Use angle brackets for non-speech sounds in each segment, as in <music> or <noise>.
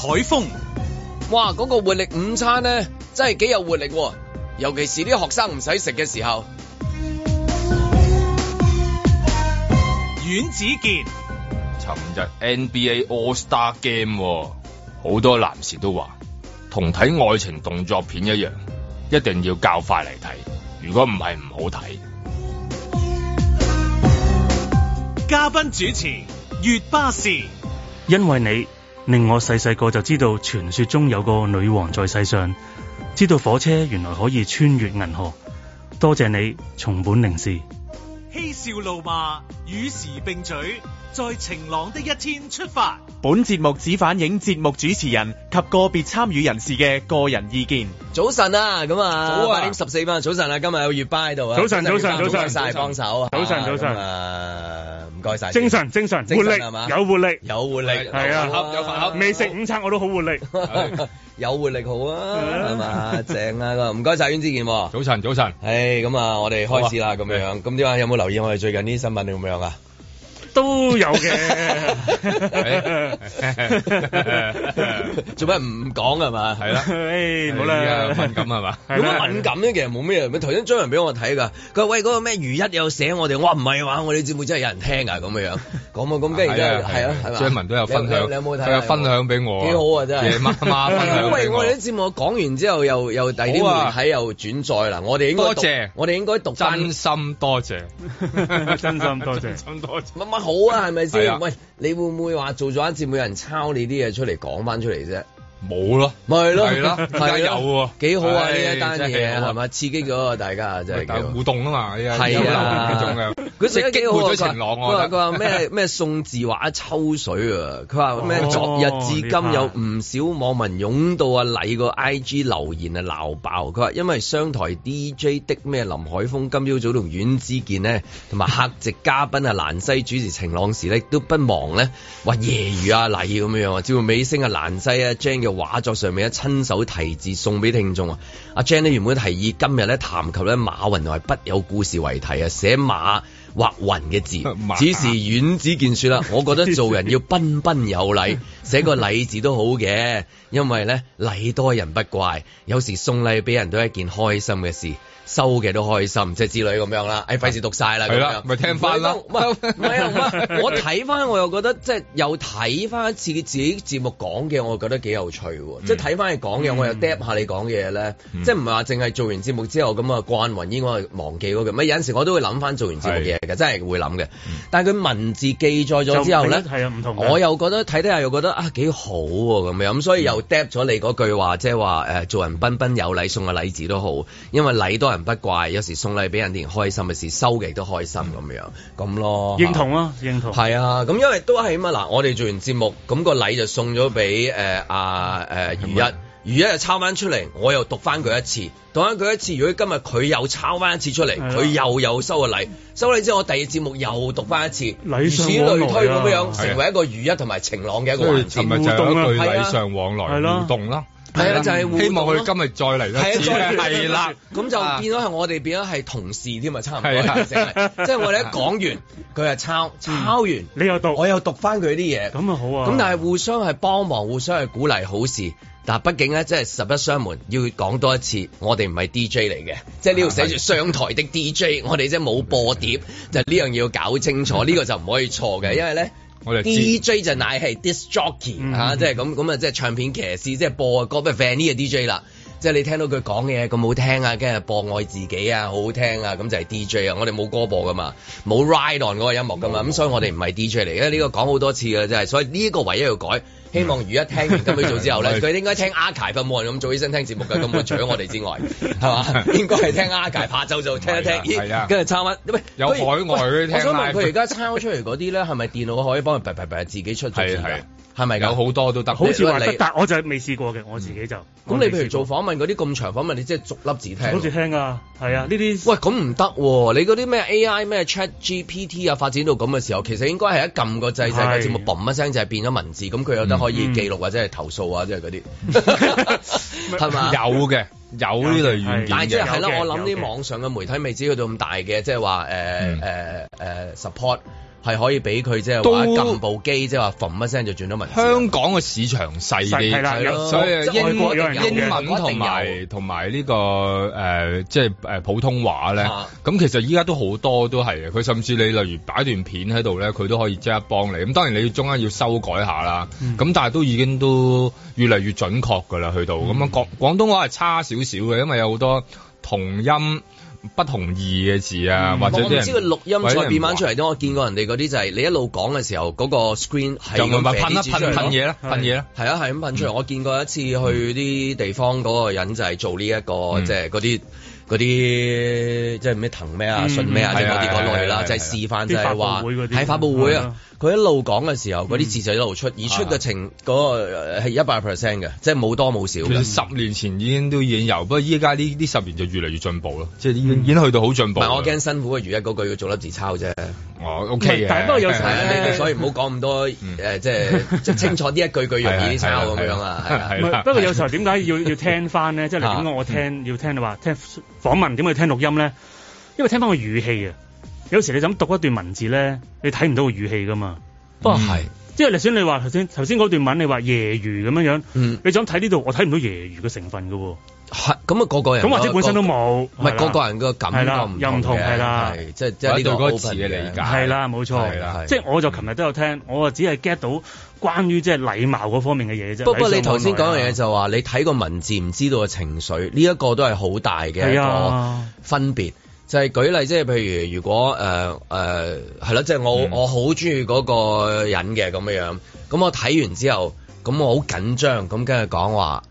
海風，哇！嗰、那個活力午餐咧，真係幾有活力，尤其是啲學生唔使食嘅時候。阮子健尋日 NBA All Star Game，好、哦、多男士都話，同睇愛情動作片一樣，一定要較快嚟睇，如果唔係唔好睇。嘉賓主持：月巴士，因為你。令我細細個就知道傳說中有個女王在世上，知道火車原來可以穿越銀河。多謝你，松本零士。嬉笑怒罵，與時並進，在晴朗的一天出發。本節目只反映節目主持人及個別參與人士嘅個人意見。早晨啊，咁啊，八點十四分，早晨啊，今日有月班喺度啊，早晨，早晨，早晨，唔該曬幫手啊，早晨，早晨，唔該晒，精神，精神，活力，有活力，有活力，係啊，有飯盒，未食午餐我都好活力。有活力好啊，正啊，唔該曬阮志健，早晨 hey, 那早晨。誒，咁啊，我哋開始啦，咁樣，咁啲位有冇留意我哋最近啲新聞定點樣啊？都有嘅，做咩唔講啊嘛？係啦，哎，好啦，敏感啊嘛？做咩敏感咧？其實冇咩，頭先張文俾我睇噶，佢話喂嗰個咩如一有寫我哋，我話唔係啊嘛，我哋啲節目真係有人聽啊，咁樣樣，咁啊咁跟住，係啊，係嘛？張文都有分享，你有冇睇？佢有分享俾我，幾好啊真係，媽媽分享俾我。因為我哋啲節目講完之後，又又第二啲媒體又轉載啦，我哋應該多謝，我哋應該讀真心多謝，真心多謝，真心多謝。好啊，係咪先？是的 喂，你會唔會話做咗一次，冇人抄你啲嘢出嚟講翻出嚟啫？冇咯，咪咯，點解有喎？幾好啊，呢一單嘢，係咪刺激咗大家啊？真係，但係互動啊嘛，係啊，佢成日激好咗晴朗，佢話咩咩宋字畫抽水啊！佢話咩昨日至今有唔少網民湧到啊禮個 I G 留言啊鬧爆！佢話因為商台 D J 的咩林海峰今朝早同阮之健呢，同埋客席嘉賓啊蘭西主持晴朗時呢，都不忘呢話揶揄啊禮咁樣啊，照尾聲啊蘭西啊畫作上面咧親手題字送俾聽眾啊！阿 Jane 咧原本提議今日咧談及咧馬雲同係不有故事為題啊，寫馬畫雲嘅字。此時阮子健說啦，我覺得做人要彬彬有禮，寫個禮字都好嘅，因為咧禮多人不怪，有時送禮俾人都係一件開心嘅事。收嘅都開心，即係之類咁樣啦。誒，費事讀晒啦，係啦，咪聽翻咯，唔係唔係，我睇翻我又覺得即係又睇翻自己自己節目講嘅，我又覺得幾有趣喎。即係睇翻佢講嘅，我又 drop 下你講嘅嘢咧。即係唔係話淨係做完節目之後咁啊？過雲煙應該係忘記嗰句。咪有陣時我都會諗翻做完節目嘅嘢嘅，真係會諗嘅。但係佢文字記載咗之後咧，唔同。我又覺得睇睇下又覺得啊幾好咁樣咁，所以又 drop 咗你嗰句話，即係話誒做人彬彬有禮，送個禮字都好，因為禮都係。不怪，有時送禮俾人哋開心嘅事，收嘅亦都開心咁樣，咁咯，認同咯，認同係啊，咁、啊、因為都係咁啊，嗱，我哋做完節目，咁個禮就送咗俾誒阿誒余一，嗯啊、余一就抄翻出嚟，我又讀翻佢一次，讀翻佢一次，如果今日佢又抄翻一次出嚟，佢、啊、又又收個禮，收咗禮之後我第二節目又讀翻一次，如此類推咁、啊、樣，成為一個余一同埋晴朗嘅一個互動，互動對禮尚往來，互動啦、啊。係啊，就係希望佢今日再嚟一次，係啦。咁就變咗係我哋變咗係同事添啊，差唔多，即係我哋一講完，佢又、啊、抄，抄完你又、嗯、讀，我又讀翻佢啲嘢。咁啊好啊。咁但係互相係幫忙，互相係鼓勵，好事。但係畢竟咧，即係實不相瞞，要講多一次。我哋唔係 DJ 嚟嘅，即係呢度寫住商台的 DJ，我哋即係冇播碟，就呢、係、樣嘢要搞清楚，呢、呢個就唔可以錯嘅，因為咧。就 D.J. 就乃係 disc jockey 嚇，嗯哼，即係咁咁啊，即、就、係、是就是、唱片騎士，即、就、係、是、播的歌，不如 Fanny 個 D.J. 啦。即係你聽到佢講嘢咁好聽啊，跟住播愛自己啊，好好聽啊，咁就係 DJ 啊。我哋冇歌播噶嘛，冇 Ride On 嗰個音樂噶嘛，咁、嗯、所以我哋唔係 DJ 嚟嘅。呢、呢個講好多次啦，即係。所以呢一個唯一要改，希望如一聽完咁樣做之後咧，佢、嗯、應該聽阿楷嘅，冇人咁做起身聽節目嘅咁除咗我哋之外，係嘛？ <laughs> 應該係聽阿楷，拍就就聽一聽，跟住抄一有海外嗰啲聽喂。我喂想問佢而家抄出嚟嗰啲咧，係咪 <laughs> 電腦可以幫佢？唔唔唔，自己出就算。的係咪有好多都得？好似話得，但我就係未試過嘅，我自己就。咁你譬如做訪問嗰啲咁長訪問，你即係逐粒字聽。好似聽啊，係啊，呢啲。喂，咁唔得喎！你嗰啲咩 AI 咩 ChatGPT 啊，發展到咁嘅時候，其實應該係一撳個掣就個節目嘣一聲就變咗文字，咁佢有得可以記錄或者係投訴啊，即係嗰啲。係嘛？有嘅，有呢類軟件。但係即係係啦，我諗啲網上嘅媒體未至於到咁大嘅，即係話誒誒誒 support。係可以俾佢即係撳部機，即係話噏乜聲就轉到文字。香港嘅市場細啲，係啦，所以英英文同埋同埋呢個誒，即係誒普通話咧。咁其實依家都好多都係嘅。佢甚至你例如擺段片喺度咧，佢都可以即刻幫你。咁當然你中間要修改下啦。咁但係都已經都越嚟越準確㗎啦，去到咁啊廣廣東話係差少少嘅，因為有好多同音。不同意嘅字啊，或者我唔知佢錄音再變翻出嚟啲，我見過人哋嗰啲就係你一路講嘅時候，嗰個 screen 係噴一噴噴嘢啦，噴嘢啦，係啊係咁噴出嚟。我見過一次去啲地方嗰個人就係做呢一個，即係嗰啲嗰啲即係咩騰咩啊、信咩啊啲嗰啲嗰類啦，就係示範，就係話喺發布會啊。佢一路講嘅時候，嗰啲字就一路出，而出嘅情嗰個係一百 percent 嘅，即係冇多冇少。十年前已經都已經有，不過依家呢呢十年就越嚟越進步咯，即係已經去到好進步。唔係，我驚辛苦嘅餘一嗰句要做粒字抄啫。但不過有時咧，所以唔好講咁多誒，即係即係清楚呢一句句容易抄咁樣啊。不過有時候點解要要聽翻呢？即係點解我聽要聽話聽訪問，點解要聽錄音呢？因為聽翻個語氣啊。有時你想讀一段文字咧，你睇唔到個語氣噶嘛？不過係，即係就算你話頭先頭先嗰段文，你話揶揄咁樣樣，你想睇呢度，我睇唔到揶揄嘅成分噶喎。係咁啊，個個人咁或者本身都冇，唔係個個人個感覺又唔同嘅，係即係即係呢度嗰個詞嘅理解係啦，冇錯，係啦，即係我就琴日都有聽，我啊只係 get 到關於即係禮貌嗰方面嘅嘢啫。不過你頭先講嘅嘢就話你睇個文字唔知道嘅情緒，呢一個都係好大嘅一個分別。就係舉例，即係譬如，如果誒誒係咯，即、呃、係、呃即係、我、mm hmm. 我好中意嗰個人嘅咁樣樣，咁我睇完之後。咁我好緊張，咁跟住講話，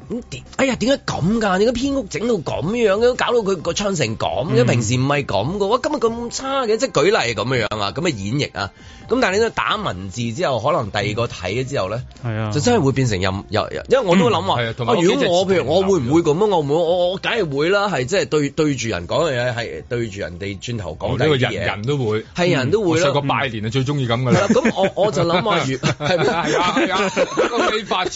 哎呀，點解咁㗎？點解編屋整到咁樣搞到佢個唱成咁，因為平時唔係咁嘅，哇！今日咁差嘅，即係舉例咁樣啊！咁嘅演繹啊！咁但係你都打文字之後，可能第二個睇咗之後咧，就真係會變成又因為我都諗話，如果我譬如我會唔會咁啊？我唔我我梗係會啦，係即係對對住人講嘅嘢，係對住人哋轉頭講嘅嘢，人都會係人都會啦，上個拜年就最中意咁嘅啦。咁我我就諗話如發財，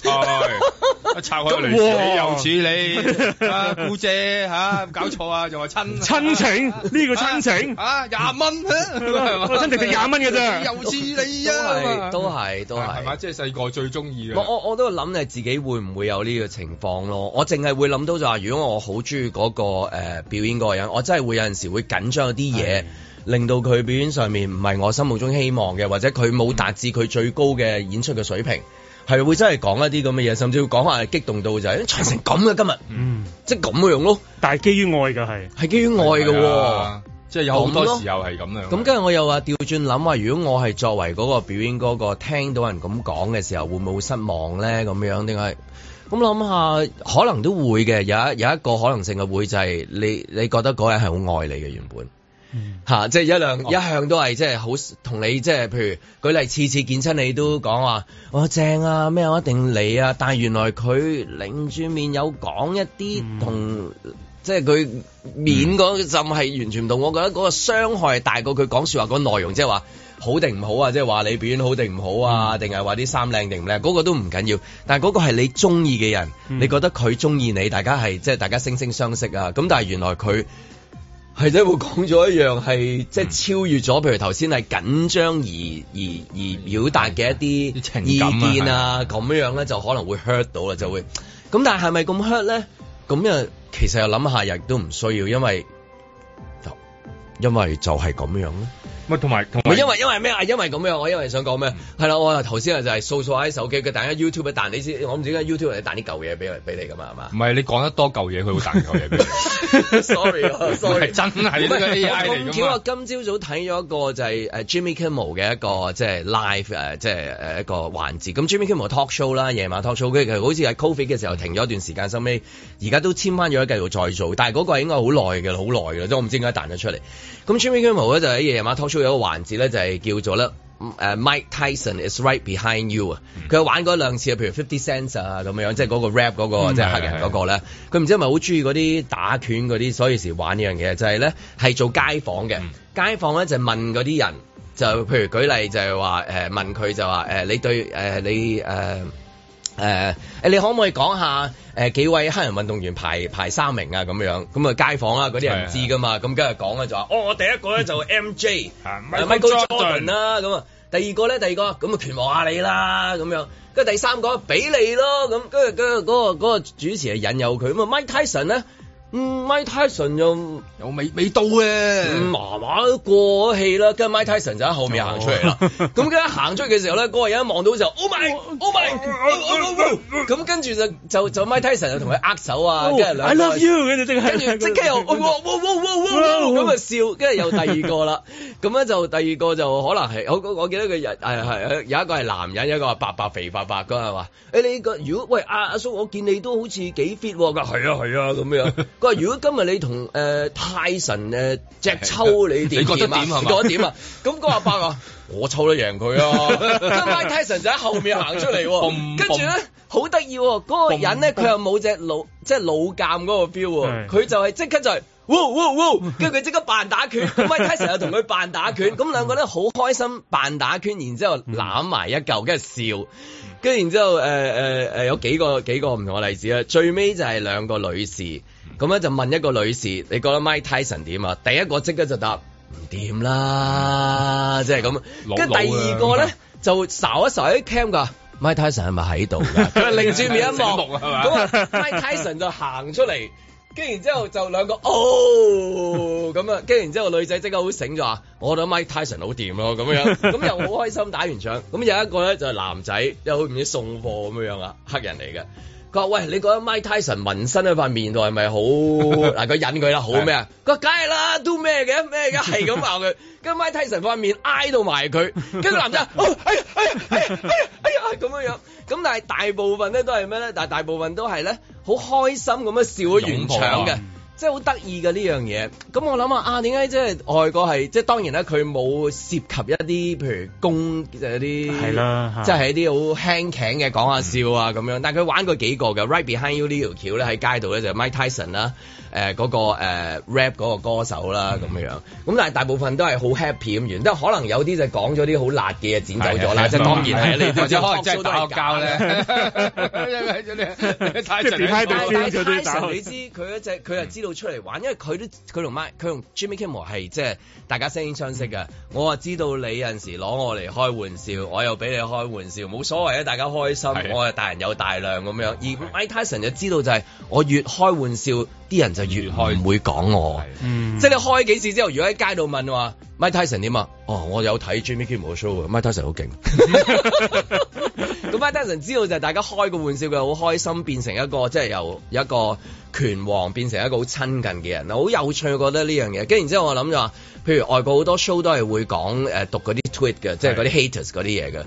拆 <laughs> 開嚟哇、 <laughs> 啊，又似你啊姑姐嚇、啊，搞錯啊，仲話親、啊、親情呢、呢個親情啊廿蚊，親情就廿蚊嘅啫，又似你啊，啊 <laughs> 啊都係都係，係咪即係細個最中意嘅？我我我都諗你自己會唔會有呢個情況咯？我淨係會諗到就係，如果我好中意嗰個、呃、表演嗰個人，我真係會有陣時會緊張啲嘢，的令到佢表演上面唔係我心目中希望嘅，或者佢冇達至佢最高嘅演出嘅水平。嗯係會真係講一啲咁嘅嘢，甚至會講下激動到就係、係、長成咁嘅今日，嗯，即係咁嘅樣咯。但係基於愛嘅係，係基於愛嘅，即係有好多時候係咁樣。咁跟住我又話調轉諗話，如果我係作為嗰個表演嗰、嗰個，聽到人咁講嘅時候，會唔會失望咧？咁樣點解？咁諗下，可能都會嘅。有一有一個可能性嘅會就係、係、你你覺得嗰人係好愛你嘅原本。吓、嗯啊，即係一兩、嗯、一向都係即係好同你即係，譬如舉例次次見親你都講話我正啊咩我一定嚟你啊，但係原來佢擰住面有講一啲同即係佢面嗰陣係完全唔同，我覺得嗰個傷害大過佢講說話嗰個內容，即係話好定唔好啊，即係話你表演好定唔好啊，定係話啲衫靚定唔靚，嗰、那個都唔緊要，但係嗰個係你中意嘅人，你覺得佢中意你，大家係即係大家惺惺相惜啊，咁但係原來佢。係真會講咗一樣，係即係超越咗，譬如頭先係緊張而而而表達嘅一啲意見啊、情感啊，咁樣樣咧就可能會 hurt 到啦，就會咁。但係係咪咁 hurt 咧？咁又其實又諗下，亦都唔需要，因為因為就係咁樣咧。同埋同，因為因為咩啊？因為咁樣，我因為想講咩？係啦、嗯，我頭先就係掃掃喺手機，佢彈一 YouTube，彈你我知我唔知點解 YouTube 嚟彈啲舊嘢俾俾你㗎嘛？係嘛？唔係你講得多舊嘢，佢會彈舊嘢俾你。Sorry，sorry，係真係呢個 AI 嚟噶嘛？我今朝早睇咗一個就係、是、誒、uh, Jimmy Kimmel 嘅一個即係 live 誒，即係誒、uh, uh, 一個環節。咁 Jimmy Kimmel talk show 啦，夜晚 talk show，佢好似喺 COVID 嘅時候停咗一段時間，收尾而家都簽翻咗繼續再做，但係嗰個係應該好耐嘅，好耐嘅，即我唔知點解彈咗出嚟。咁 Jimmy Kimmel 咧就喺夜晚 talk show 有一個環節咧，就係、是、叫做咧誒、uh, Mike Tyson is right behind you 啊、嗯！佢玩過一兩次啊，譬如 Fifty Cents 啊咁樣即係嗰個 rap 嗰、那個，即係黑人嗰個咧。佢唔、嗯、知係咪好中意嗰啲打拳嗰啲，所以時玩呢樣嘢，就係咧係做街訪嘅、嗯、街訪咧，就是、問嗰啲人，就譬如舉例就係話誒問佢就話誒、呃、你對誒、呃、你誒。呃誒誒，uh, 你可唔可以講下誒、uh, 幾位黑人運動員排排三名啊？咁樣咁啊街訪啊嗰啲人唔知噶嘛，咁跟住講咧就話，哦，我第一個咧就 MJ 啊 Michael Jordan 啦，咁、嗯、啊，第二個咧第二個，咁啊拳王阿里啦，咁樣，跟住第三個俾你咯，咁跟住跟住嗰個主持啊引誘佢，咁啊 Mike Tyson 咧。嗯，My Tyson 又又未未到嘅，麻麻過氣啦。跟住 My Tyson 就喺後面行出嚟啦。咁跟一行出嚟嘅時候咧，嗰個人一望到就，Oh my，Oh my，咁跟住就就就 My Tyson 又同佢握手啊。跟住 I love you。跟住即係，跟住即刻又，哇哇哇哇哇咁啊笑。跟住又第二個啦。咁咧就第二個就可能係，我我記得佢人係係有一個係男人，有一個係白白肥白白噶係嘛？誒你個如果喂阿阿叔，我見你都好似幾 fit 㗎。係啊係啊咁樣。佢話：如果今日你同誒泰神誒隻抽你點點啊？ <laughs> 你覺得點啊？咁嗰阿伯啊，我抽得贏佢啊！咁 Mike Tyson 就喺後面行出嚟喎、啊，跟住咧好得意喎，嗰、啊那個人咧佢又冇隻老，即係老鑑嗰個 feel，佢、啊、 <laughs> 就係即刻就係，哇哇哇！跟住佢即刻扮打拳，Mike Tyson 又同佢扮打拳，咁兩個咧好開心扮打拳，然之後攬埋一嚿，跟住笑，跟住然之後誒誒誒有幾個幾個唔同嘅例子啊，最尾就係兩個女士。咁咧就問一個女士，你覺得 Mike Tyson 點啊？第一個即刻就答唔掂啦，即係咁。跟第二個咧就掃一掃啲 cam 噶，Mike Tyson 係咪喺度㗎？佢係擰住面一望係嘛？咁啊，Mike Tyson 就行出嚟，跟然之後就兩個哦咁啊，跟然之後女仔即刻好醒咗話，我覺得 Mike Tyson 好掂咯咁樣，咁又好開心打完仗。咁 <laughs> 有一個咧就係男仔，又好唔知送貨咁樣啊，黑人嚟嘅。佢話：喂，你覺得 Mike Tyson 紋身喺塊面度係咪好？嗱，佢忍佢啦，好咩啊？佢話： <laughs> 梗係啦，都咩嘅咩嘅，係咁鬧佢。跟住 <laughs> Mike Tyson 塊面挨到埋佢。跟住男仔：哦，哎呀，哎呀，哎呀，哎呀，哎呀，咁樣樣。咁但係大部分咧都係咩咧？但係大部分都係咧好開心咁樣笑到完場嘅。即係好得意嘅呢樣嘢，咁、嗯、我諗啊，啊點解即係外國係？即係當然啦，佢冇涉及一啲譬如公誒，啲係啦，即係一啲好的輕劇嘅講下笑啊咁、嗯、樣。但係佢玩過幾個嘅、嗯、，Right behind you 呢條橋咧喺街度咧就係 Mike Tyson 啦。誒嗰個 rap 嗰個歌手啦，咁樣樣，咁但係大部分都係好 happy 咁完，都可能有啲就講咗啲好辣嘅嘢剪走咗啦，即係當然係你都可能真係打交咧。但係泰臣你知佢一隻，佢又知道出嚟玩，因為佢都佢同佢同 Jimmy Kimmel 係即係大家惺惺相惜嘅，我啊知道你有陣時攞我嚟開玩笑，我又俾你開玩笑，冇所謂啊，大家開心，我係大人有大量咁樣。而麥泰臣就知道就係我越開玩笑。啲人就越唔會講我，嗯、即係你開幾次之後，如果喺街度問話 Mike Tyson 點啊？哦，我有睇 Jimmy Kimmel Show 嘅 Mike Tyson 好勁。咁 Mike Tyson <laughs> 知道就係大家開個玩笑，佢好開心，變成一個即係、就是、由一個拳王變成一個好親近嘅人，好有趣，我覺得呢樣嘢。跟住然之後，我諗就話，譬如外國好多 show 都係會講誒讀嗰啲 tweet 嘅，的即係嗰啲 haters 嗰啲嘢嘅，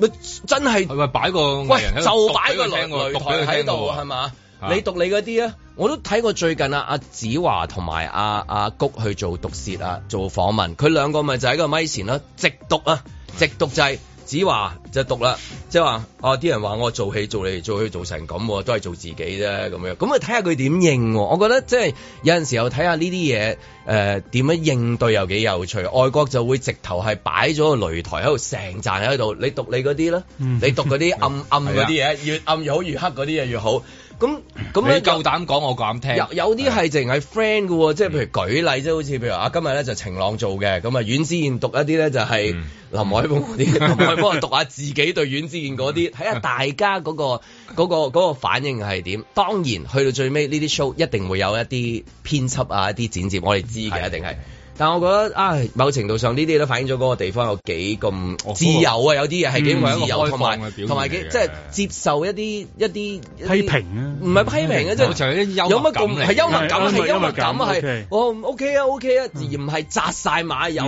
乜真係係咪擺個喂就擺個擂台喺度係嘛？你讀你嗰啲啊。我都睇過最近啊，阿子華同埋阿阿谷去做毒舌啊，做訪問，佢兩個咪就喺個咪前咯，直讀啊，直讀制，子華就讀啦，即係話，哦、啊、啲人話我做戲做嚟做去做成咁，都係做自己啫咁樣，咁啊睇下佢點應，我覺得即係有陣時候睇下呢啲嘢，誒、呃、點樣應對又幾有趣，外國就會直頭係擺咗個擂台喺度，成站喺度，你讀你嗰啲啦，你讀嗰啲暗暗嗰啲嘢， <laughs> 啊、越暗越好，越黑嗰啲嘢越好。越好咁咁你夠膽講，我夠膽聽。有有啲係淨係 friend 嘅喎，即係是譬如舉例即係，好似譬如啊，今日咧就晴朗做嘅，咁啊，阮之彥讀一啲咧就係、是、林海峰嗰啲， <laughs> 林海峰讀下自己對阮之彥嗰啲，睇下 <laughs> 大家嗰、嗰個嗰、 <laughs> 嗰個嗰、嗰個嗰個反應係點。當然去到最尾呢啲 show 一定會有一啲編輯啊、一啲剪接，我哋知嘅 <laughs> 一定係。但係我覺得啊，某程度上呢啲都反映咗嗰個地方有幾咁自由啊，有啲嘢係幾唔自由，同埋同埋幾即係接受一啲一啲批評啊，唔係批評啊，即係有乜咁係幽默感，係幽默感係幽默感係，哦 OK 啊，OK 啊，而唔係紮曬馬又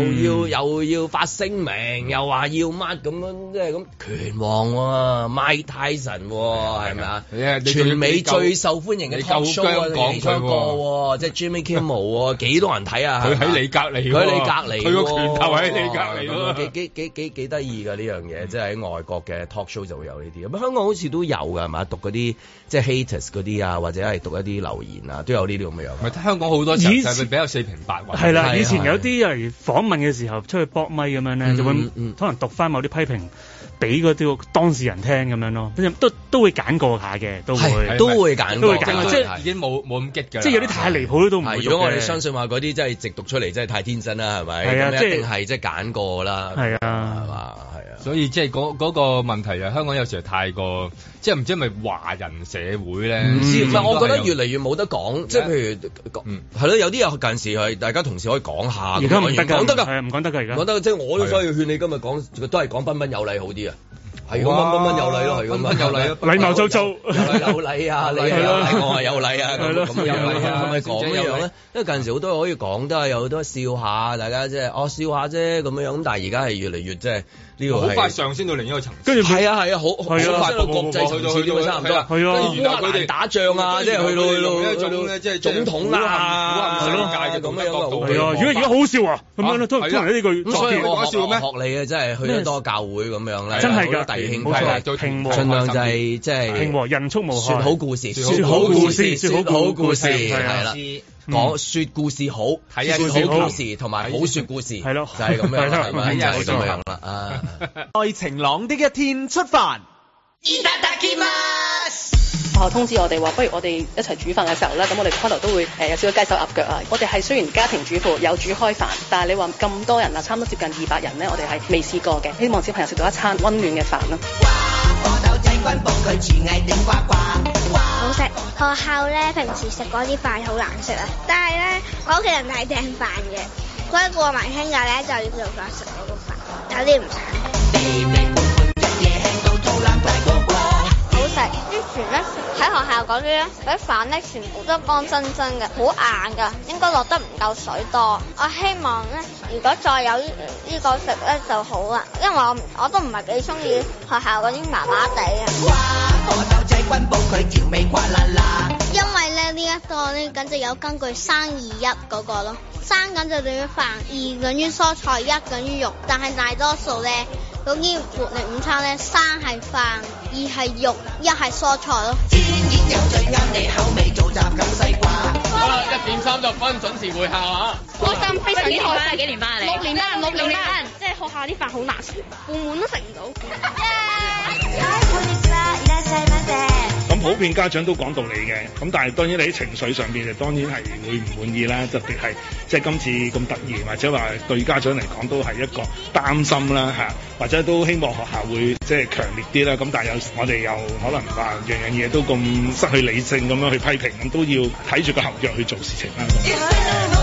要又要發聲明，又話要乜咁樣即係咁拳王喎，Mike Tyson 喎，係咪啊？全美最受歡迎嘅 talk show 未聽過喎，即係 Jimmy Kimmel 喎，幾多人睇啊？佢喺你隔。隔離，佢喺你隔離，佢個拳頭喺你隔離咯，幾幾幾幾幾得意噶呢樣嘢， <laughs> 即係喺外國嘅 talk show 就會有呢啲，咁香港好似都有噶，係嘛？讀嗰啲即係 haters 嗰啲啊，或者係讀一啲留言啊，都有呢啲咁嘅樣。咪 <laughs> 香港好多以前比較四平八穩，係、嗯、啦，以前有啲係是是訪問嘅時候出去搏咪咁樣咧，就會、嗯嗯、可能讀翻某啲批評。俾嗰啲當事人聽咁樣咯，咁就都都會揀過下嘅，都會揀都會揀過即係是已經冇冇咁激嘅，即係有啲太離譜都唔係。如果我哋相信話嗰啲真係直讀出嚟真係太天真啦，係咪？係啊的，一定係的即係是揀過啦，係啊的，係嘛的？所以即係嗰嗰個問題就香港有時係太過，即係唔知係咪華人社會咧？唔知。唔係，我覺得越嚟越冇得講。即係譬如，係咯，有啲又近時係大家同事可以講下。而家唔得㗎，講得㗎，係，唔講得㗎而家。講得即係我都所以勸你今日講都係講彬彬有禮好啲啊。係彬彬有禮咯，咁樣有禮啊，禮貌周周，有禮啊，禮有禮，講係有禮啊，咁樣咁樣因為近時好多可以講都係有好多笑下，大家即係哦笑下啫咁樣樣。咁但係而家係越嚟越即係。呢個好快上升到另一個層，跟住係啊係啊，好好快個國際水平都差唔多啦。跟住如果佢哋打仗啊，即係去到去到，即係總統啦，係咯界就咁樣咯。係啊，而家而家好笑啊，咁樣咧都都係呢句作孽，講笑咩？學你嘅真係去得多教會咁樣咧，真係噶。第慶派，盡量就係即係平和人畜無害，好故事，好故事，好故事，係啦。我說故事好，睇下好故事同埋好說故事，係咯，就係咁樣，係咪？在晴朗的一天出飯，伊學校通知我哋話，不如我哋一齊煮飯嘅時候咧，咁我哋開頭都會誒有少少雞手鴨腳啊。我哋係雖然家庭主婦有煮開飯，但係你話咁多人啊，差唔多接近二百人咧，我哋係未試過嘅，希望小朋友食到一餐溫暖嘅飯咯。好食！學校咧平時食嗰啲飯好難食啊，但係咧我屋企人係訂飯嘅，佢以過埋星期咧就要做飯食嗰個飯，有啲唔想。 <music> 之前咧喺學校嗰啲咧嗰啲飯咧全部都乾身身嘅，好硬噶，應該落得唔夠水多。我希望咧，如果再有呢呢個食咧就好啦，因為我我都唔係幾中意學校嗰啲麻麻地啊。哇因為咧呢一個咧咁就有根據三二一嗰個咯，三緊就等於飯，二等於蔬菜，一等於肉，但係大多數咧。嗰啲活力午餐咧，三係飯，二係肉，一係蔬菜咯。天然有最啱你口味，做雜咁西瓜。哇好啦，哇一點三十分準時會校啊！開心，哇非常之開心。幾年班啊？六年班，六年班。即係學校啲飯好難食，半碗都食唔到。 <laughs> Yeah! <laughs> 普遍家長都講道理嘅，咁但係當然你喺情緒上面，當然係會唔滿意啦。特別係即係今次咁突然，或者話對家長嚟講都係一個擔心啦，嚇，或者都希望學校會即係強烈啲啦。咁但係有時我哋又可能話樣樣嘢都咁失去理性咁樣去批評，咁都要睇住個合約去做事情啦。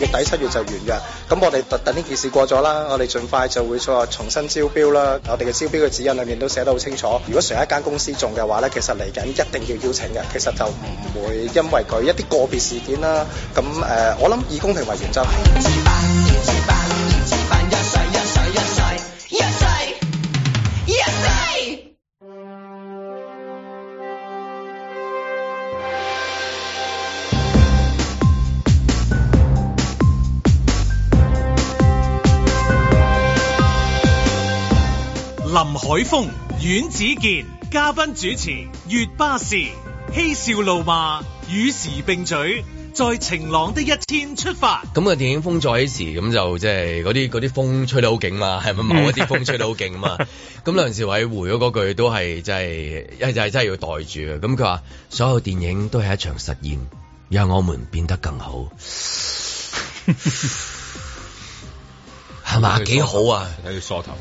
月底七月就完約，咁我哋特等呢件事過咗啦，我哋盡快就會再重新招標啦。我哋嘅招標嘅指引裏面都寫得好清楚，如果成一間公司中嘅話咧，其實嚟緊一定要邀請嘅，其實就唔會因為佢一啲個別事件啦。咁誒，我諗以公平為原則。林海峰、阮子健嘉賓主持，月巴士嬉笑怒罵，與時並舉，在晴朗的一天出發。咁啊，電影風再起時，咁就即係嗰啲嗰啲風吹得好勁嘛，係咪某一啲風吹得好勁啊？咁 <laughs> 梁志偉回咗嗰句都係即係一就係真係要袋住啊！咁佢話所有電影都係一場實驗，讓我們變得更好，係嘛？ <laughs> <laughs> 幾好啊！睇佢梳頭。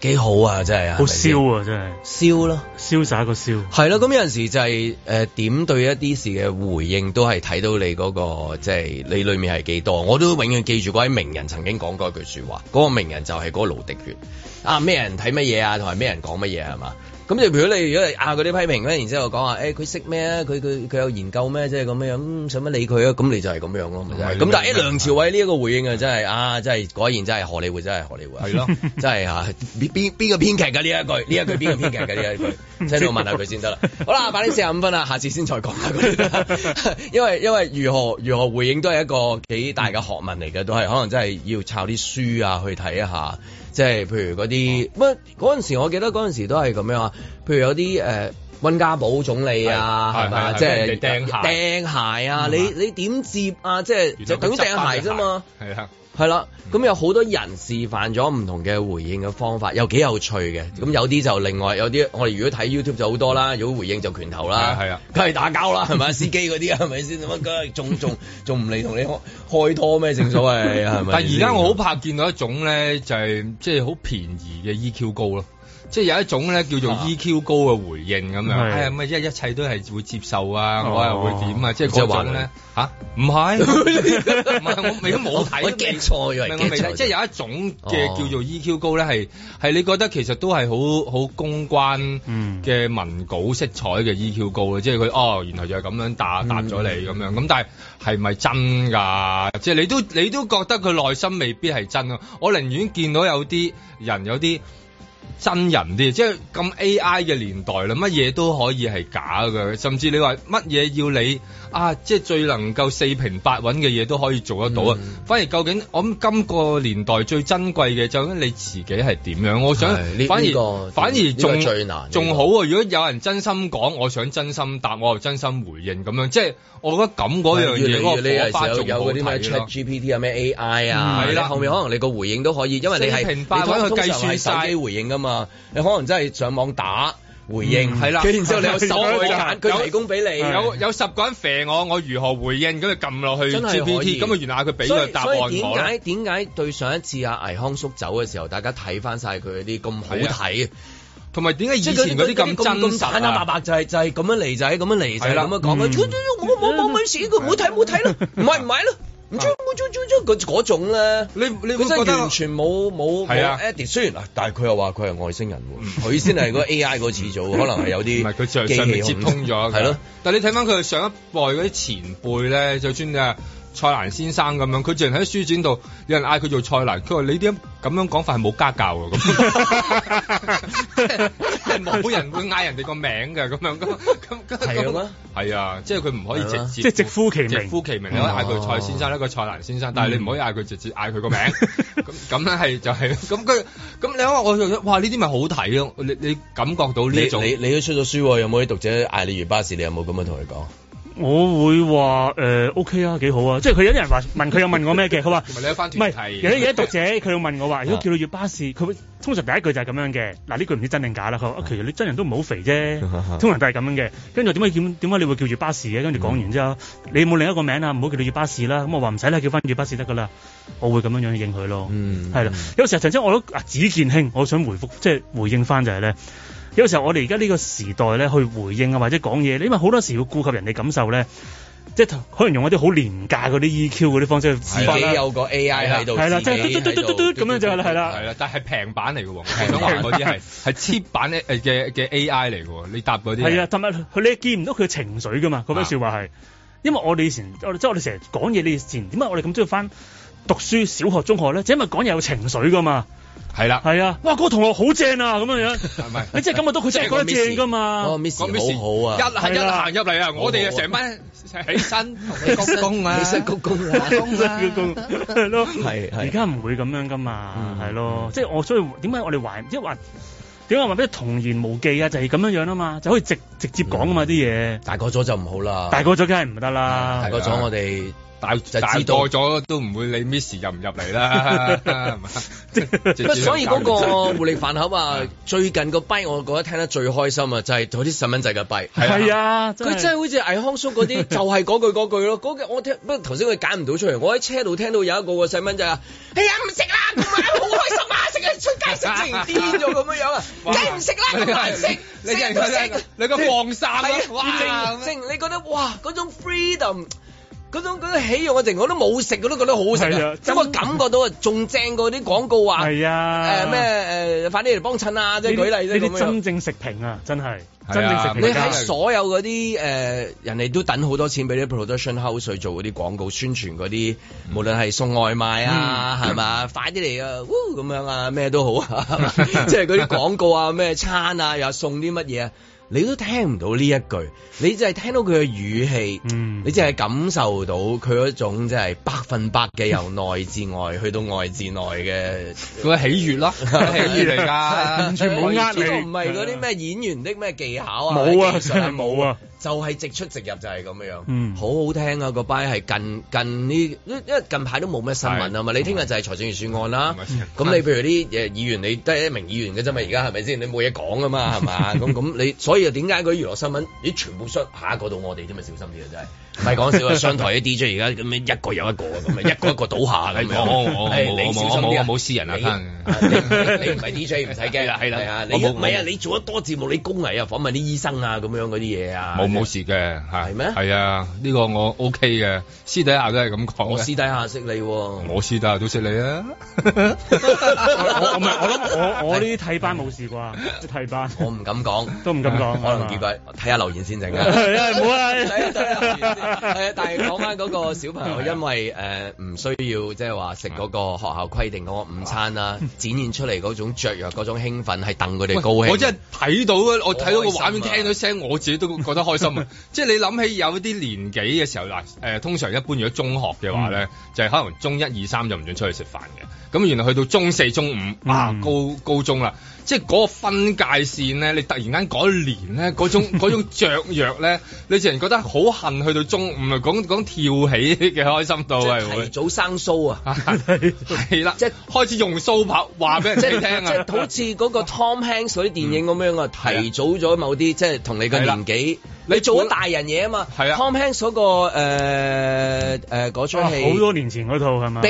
幾好啊！真係好瀟啊！真係瀟咯，燒吧瀟灑個瀟。係咯、啊，咁有陣時就係、是、誒、呃、點對一啲事嘅回應，都係睇到你嗰、那個即係、就是、你裏面係幾多。我都永遠記住嗰位名人曾經講過一句説話，嗰、那個名人就係嗰個盧迪權啊！咩人睇乜嘢啊？同埋咩人講乜嘢係嘛？咁你如果你如果啊嗰啲批評咧，然之後講話，誒佢識咩啊？佢佢佢有研究咩？即係咁樣，咁使乜理佢啊？咁你就係咁樣咯，咪咁但係梁朝偉呢一個回應啊，真係啊，真係果然真係何理會真係何理會，係咯，真係嚇邊邊邊個編劇嘅呢一句？呢一句邊個編劇嘅呢一句？即係要問下佢先得啦。好啦，八點四十五分啊，下次先再講下佢。因為因為如何如何回應都係一個幾大嘅學問嚟嘅，都係可能真係要抄啲書啊去睇一下。即係譬如嗰啲乜嗰陣時，我記得嗰陣時都係咁樣啊。譬如有啲誒溫家寶總理啊，係咪啊？吧即係掟鞋啊，你你點接啊？即係就來等於掟鞋啫嘛。係啊。係啦，咁有好多人示範咗唔同嘅回應嘅方法，又幾有趣嘅。咁有啲就另外，有啲我哋如果睇 YouTube 就好多啦，有回應就拳頭啦，係啊，梗係打交啦，係咪啊？ <laughs> 司機嗰啲係咪先？梗係仲仲仲唔嚟同你開拖咩？正所謂係咪？但係而家我好怕見到一種咧，就係即係好便宜嘅 EQ 高咯。即係有一種咧叫做 EQ 高嘅回應咁樣，哎呀咁啊一一切都係會接受啊，我又會點啊？即係嗰種咧嚇，唔係唔係我未都冇睇，我記錯咗，我未即係有一種嘅叫做 EQ 高咧，係係你覺得其實都係好好公關嘅文稿色彩嘅 EQ 高啊！即係佢哦，原來就係咁樣答答咗你咁樣，咁但係係咪真㗎？即係你都你都覺得佢內心未必係真啊！我寧願見到有啲人有啲。真人啲，即係咁，AI 嘅年代啦，乜嘢都可以係假嘅，甚至你話乜嘢要你。啊！即係最能夠四平八穩嘅嘢都可以做得到啊！反而究竟我諗今個年代最珍貴嘅就係你自己係點樣？我想反而反而仲最難仲好啊！如果有人真心講，我想真心答，我又真心回應咁樣，即係我覺得咁嗰樣嘢。你家呢個有有嗰啲咩 ChatGPT 啊、咩 AI 啊，後面可能你個回應都可以，因為你係你睇佢計算機回應噶嘛，你可能真係上網打。回應係啦，佢然之後你有十個人，佢提供俾你，有有十個人肥我，我如何回應？咁啊撳落去 GPT，咁啊原來佢俾個答案。所以所以點解點解對上一次阿倪匡叔走嘅時候，大家睇翻曬佢嗰啲咁好睇，同埋點解以前嗰啲咁真實啊？白白就係就係咁樣嚟仔，咁樣嚟仔，咁樣講啊！我我我冇事，佢唔好睇，唔好睇啦，唔係唔係咯。咁嗰嗰種咧，你你會覺得完全冇冇？係啊，Eddie 雖然啊，但係佢又話佢係外星人喎，佢先係嗰 AI 嗰始祖，可能係有啲唔係佢在上面接通咗。係咯 <laughs> 了，但係你睇翻佢上一代嗰啲前輩咧，就算係蔡瀾先生咁樣，佢淨係喺書展度有人嗌佢做蔡瀾，佢話你點？咁樣講法係冇家教㗎，咁 <laughs> <laughs> 即係冇人會嗌人哋個名㗎，咁樣咁咁係啊，係啊， <laughs> 即係佢唔可以直接的即係直呼其名，呼其名你可以嗌佢、嗯、蔡先生，一個、嗯、蔡瀾先，先生，但係你唔可以嗌佢直接嗌佢個名，咁咁咧係就係咁佢咁你話我哇呢啲咪好睇咯？你你感覺到呢種你？你你都出咗書，有冇啲讀者嗌你如巴士？你有冇咁樣同佢講？我會話誒 O K 啊，幾好啊！即係佢有啲人話問，佢又問我咩嘅？佢話唔係你一翻轉題，有啲嘢讀者佢要問我話：如果叫到越巴士，佢通常第一句就係咁樣嘅。嗱呢句唔知真定假啦。佢話、 <laughs> 啊、其實你真人都唔好肥啫，通常都係咁樣嘅。跟住點解點解你會叫住巴士嘅？跟住講完之後， <laughs> 你冇另一個名啊，唔好叫到越巴士啦。咁我話唔使啦，叫翻越巴士得噶啦。我會咁樣樣應佢咯。嗯，係啦。有時候曾經我都啊，子健兄，我想回覆即係回應翻就係、是、咧、就是。有時候我哋而家呢個時代咧，去回應啊，或者講嘢，因為好多時要顧及人哋感受咧，即係可能用一啲好廉價嗰啲 EQ 嗰啲方式，自己有個 AI 喺度知係啦，即係嘟嘟嘟嘟嘟嘟咁樣就係啦，係啦。係啦，但係平板嚟嘅喎，普通話嗰啲係，係 cheap 版嘅嘅 AI 嚟嘅喎，你答嗰啲係啊，同埋佢你見唔到佢嘅情緒嘅嘛？嗰句説話係，因為我哋以前，即係我哋成日講嘢，你以前點解我哋咁鍾意返讀書，小學、中學咧？就因為講嘢有情緒嘅嘛。係啦，係啊，哇！嗰個同學好正啊，咁樣樣，係咪，你即係感覺到佢真係好正噶嘛，Miss 好好啊，一行一行入嚟啊，我哋啊成班起身鞠躬啊，起身鞠躬啊，鞠躬啊，鞠躬，係咯，係係，而家唔會咁樣噶嘛，係咯，即係我所以點解我哋還即係話點解話咩童言無忌啊，就係咁樣樣啊嘛，就可以直直接講啊嘛啲嘢，大個咗就唔好啦，大個咗梗係唔得啦，大個咗我哋。大就咗都唔會你 miss 入唔入嚟啦。所以嗰個活力飯盒啊，最近個 b 我覺得聽得最開心啊，就係嗰啲細蚊仔嘅 bi。係啊，佢真係好似魏康叔嗰啲，就係嗰句嗰句咯。嗰句我聽，不過頭先佢揀唔到出嚟，我喺車度聽到有一個個細蚊仔啊，哎呀唔食啦，好開心啊，食啊出街食，突然癲咗咁樣樣啊，梗唔食啦，唔食，你唔食，你個放散啦，哇，突然你覺得哇嗰種 freedom。嗰種嗰啲起用嘅時候，我都冇食，我都覺得好好食。不過感覺到啊，仲正過啲廣告啊。係啊。誒咩誒，快啲嚟幫襯啊！即係舉例呢啲真正食評啊，真係真正食評，你喺所有嗰啲誒，人哋都等好多錢俾啲 production house 去做嗰啲廣告宣傳嗰啲，無論係送外賣啊，係嘛？快啲嚟啊！咁樣啊，咩都好啊，即係嗰啲廣告啊，咩餐啊，又送啲乜嘢啊？你都聽唔到呢一句，你就係聽到佢嘅語氣，嗯、你就係感受到佢嗰種即係百分百嘅由內至外 <laughs> 去到外至內嘅嗰個喜悅咯，啊， <laughs> 喜悅嚟㗎，完全冇呃你，呢個唔係嗰啲咩演員的咩技巧啊，冇啊，實係冇啊。 <laughs> 就係直出直入就係、是、咁樣，嗯，好好聽啊個班係近近呢，因因為近排都冇咩新聞啊嘛的，你聽日就係財政預算案啦，咁的你譬如啲誒議員你得一名議員嘅啫的嘛，而家係咪先？ <laughs> 你冇嘢講啊嘛，係嘛？咁咁你所以點解嗰啲娛樂新聞咦全部摔下嗰度我哋啫嘛，小心啲啊真係。就是唔係講笑啊！商台啲 DJ 而家咁樣一個又一個啊，咁一個一個倒下你我我冇冇私人啊！你唔係 DJ 唔使驚啦，係啦，你唔係啊！你做得多節目，你公衞啊，訪問啲醫生啊，咁樣嗰啲嘢啊，冇冇事嘅嚇。係咩？係啊，呢個我 OK 嘅，私底下都係咁講。我私底下識你，我私底下都識你啊。我唔我諗我我呢啲替班冇事啩？即替班，我唔敢講，都唔敢講，可能結局睇下留言先整啊。係啊，唔好啊！係 <laughs> <laughs> 但係講翻嗰個小朋友，因為誒唔、呃、需要即係話食嗰個學校規定嗰個午餐啦、啊，展現出嚟，嗰種雀躍、嗰種興奮，係等佢哋高興。我真係睇到，我睇到個畫面，啊、聽到聲，我自己都覺得開心、啊。即係 <laughs> 你諗起有啲年紀嘅時候嗱，誒、呃，通常一般如果中學嘅話咧，嗯、就係可能中一二三就唔准出去食飯嘅，咁原來去到中四、中五，哇、啊嗯，高高中啦。即係嗰個分界線咧，你突然間改年咧，嗰種嗰種雀躍咧，你自然覺得好恨。去到中午嚟講講跳起，嘅開心到係會早生鬚啊！係啦，即係開始用鬚刨話俾人即係聽啊！即係好似嗰個 Tom Hanks 嗰啲電影咁樣啊，提早咗某啲即係同你嘅年紀，你做咗大人嘢啊嘛！Tom Hanks 嗰個誒嗰出戲好多年前嗰套係嘛？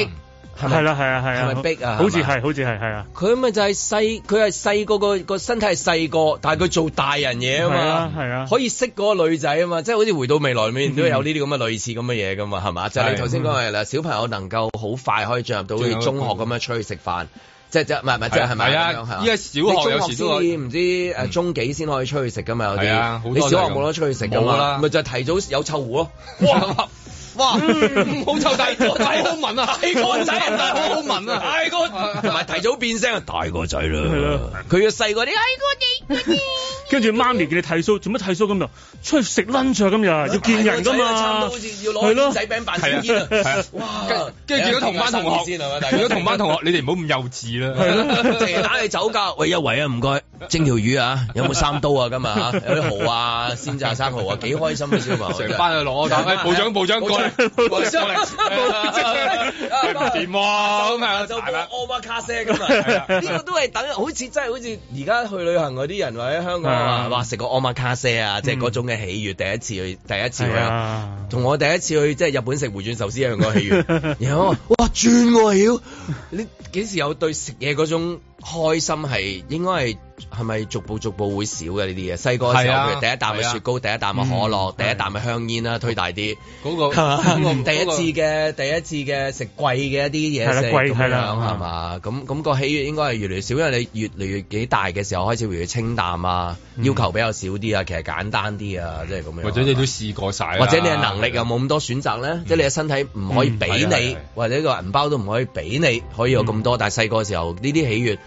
係啦，係啊，係啊，係逼啊？好似係，好似係，係啊。佢咪就係細，佢係細個個個身體係細個，但係佢做大人嘢啊嘛。係啊，可以識嗰個女仔啊嘛，即係好似回到未來面都有呢啲咁嘅類似咁嘅嘢噶嘛，係嘛？就係你頭先講係啦，小朋友能夠好快可以進入到中學咁樣出去食飯，即係即係唔係即係係咪咁樣？係啊，依家小學先唔知誒中幾先可以出去食噶嘛？有啲。你小學冇得出去食噶啦，咪就係提早有臭狐咯。哇！好臭、啊、大個仔， <laughs> 好聞啊！大個哥仔，好聞啊！大個同埋提早變聲啊，大個仔啦！佢嘅細個，啲，大個啲，跟住媽咪叫你剃須，做乜剃須咁樣？出去食 lunch 啊，咁又要見人噶嘛？係咯，仔餅扮孫子。哇！跟住見到同班同學，見到同班同學，你哋唔好咁幼稚啦。係咯，打你走㗎。喂，一圍啊！唔該，蒸條魚啊，有冇三刀啊？今日嚇，有啲蠔啊，鮮炸生蠔啊，幾開心啊！燒賣，成班去攞。誒，部長，部長過嚟。電話咁啊，就 overcast 咁啊。係啦，呢個都係等，好似真係好似而家去旅行嗰啲人或者香港。哇！食個 omakase 啊，嗯、即係嗰種嘅喜悅，第一次去，第一次去，啊的，同我第一次去即係日本食回轉壽司一樣，那個喜悅。 <laughs> 然後我哇，轉喎、啊、曉，你幾時有對食嘢嗰種開心係應該係。係咪逐步逐步會少嘅呢啲嘢？細個嘅時候，譬如第一啖嘅雪糕，第一啖嘅可樂，第一啖嘅香煙啦，推大啲，個第一次嘅第一次嘅食貴嘅一啲嘢食咁樣，係嘛？咁咁個喜悅應該係越嚟越少，因為你越嚟越幾大嘅時候開始會越清淡啊，要求比較少啲啊，其實簡單啲啊，即係咁樣。或者你都試過晒，或者你嘅能力又冇咁多選擇咧，即係你嘅身體唔可以俾你，或者個銀包都唔可以俾你，可以有咁多。但係細個時候呢啲喜悅。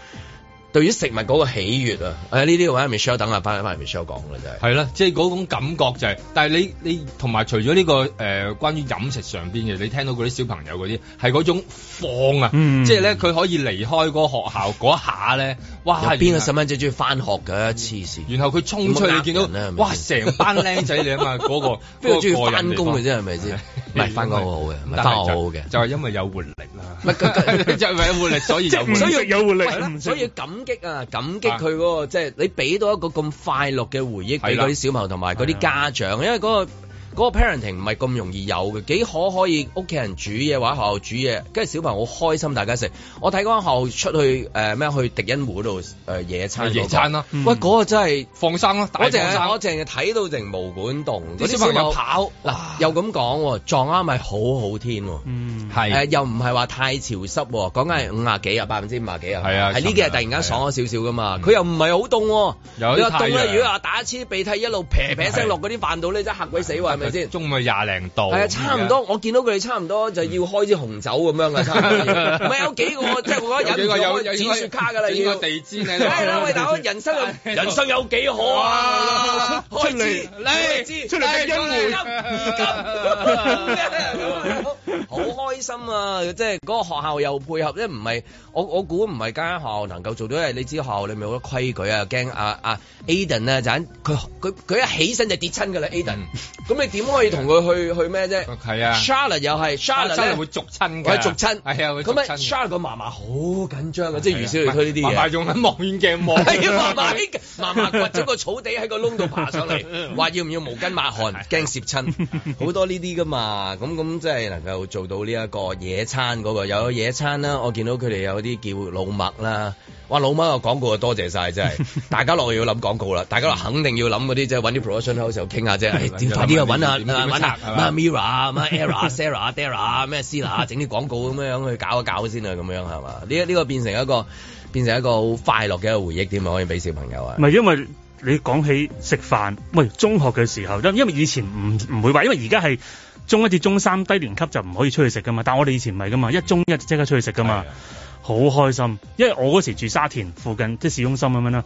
對於食物嗰個喜悅啊！誒呢啲嘅話咪 share，等下翻翻嚟咪 share 講嘅就係。係啦，即係嗰種感覺就係，但係你你同埋除咗呢個誒關於飲食上邊嘅，你聽到嗰啲小朋友嗰啲係嗰種放啊！即係咧佢可以離開嗰個學校嗰下咧，哇！邊個細蚊仔中意返學嘅黐線？然後佢衝出去見到，哇！成班靚仔你啊嘛，嗰個邊個中意返工嘅啫？係咪先？唔係返工好嘅，返好嘅，就係因為有活力啦。唔係活力，所以飲食有活力所以感激啊！感激佢嗰、哦、的即係你俾到一個咁快樂嘅回憶俾嗰啲小朋友同埋嗰啲家長，的因為嗰、嗰個。嗰個 parenting 唔係咁容易有嘅，幾可可以屋企人煮嘢或者學校煮嘢，跟住小朋友好開心，大家食。我睇嗰間學校出去誒咩去迪欣湖度誒野餐，野餐啦！喂，嗰個真係放鬆咯！我淨係我淨係睇到隻毛管棟，啲小朋友跑嗱又咁講，撞啱係好好天，嗯又唔係話太潮濕，講緊係五呀幾啊，百分之五呀幾啊，係啊，呢幾日突然間爽咗少少㗎嘛，佢又唔係好凍，有啊凍咧，如果話打一次鼻涕一路撇撇聲落嗰啲飯度咧，真嚇鬼死係咪中午係廿零度？係啊，差唔多。我見到佢哋差唔多就要開支紅酒咁樣啊，差唔多。唔係有幾個即係我覺得飲有個有雪卡噶啦，有個地支你。係啦，喂，大人生有人生有幾好啊？開支嚟，開支嚟，開心好開心啊！即係嗰個學校又配合，即係唔係我我估唔係間學校能夠做到，因為你知學校入面好多規矩啊，驚啊阿 Aden 啊，就喺佢佢佢一起身就跌親噶啦 Aden，咁你。點可以同佢去去咩啫？係啊，Charlotte 又係 Charlotte 會逐親嘅，逐親係啊，會逐親咁啊，Charlotte 個嫲嫲好緊張啊，即係如此類推呢啲嘢。嫲嫲仲喺望遠鏡望，係啊，嫲嫲嫲嫲掘咗個草地喺個窿度爬上嚟，話要唔要毛巾抹汗，驚攝親，好多呢啲㗎嘛。咁咁即係能夠做到呢一個野餐嗰個有野餐啦。我見到佢哋有啲叫老麥啦，哇，老麥個廣告啊，多謝晒，真係大家落去要諗廣告啦。大家肯定要諗嗰啲，即係揾啲 production house 傾下啫，點快啊，啊，搵啊，咩 Mira 啊，咩 Era、Sarah、Dara 啊，咩 Cila 啊，整啲廣告咁樣樣去搞一搞先啊，咁樣係嘛？呢呢個變成一個變成一個好快樂嘅一個回憶點啊，可以俾小朋友啊。唔係因為你講起食飯，喂，中學嘅時候，因因為以前唔唔會話，因為而家係中一至中三低年級就唔可以出去食噶嘛，但係我哋以前唔係噶嘛，一中一即刻出去食噶嘛，好開心。因為我嗰時住沙田附近，即係市中心咁樣啦。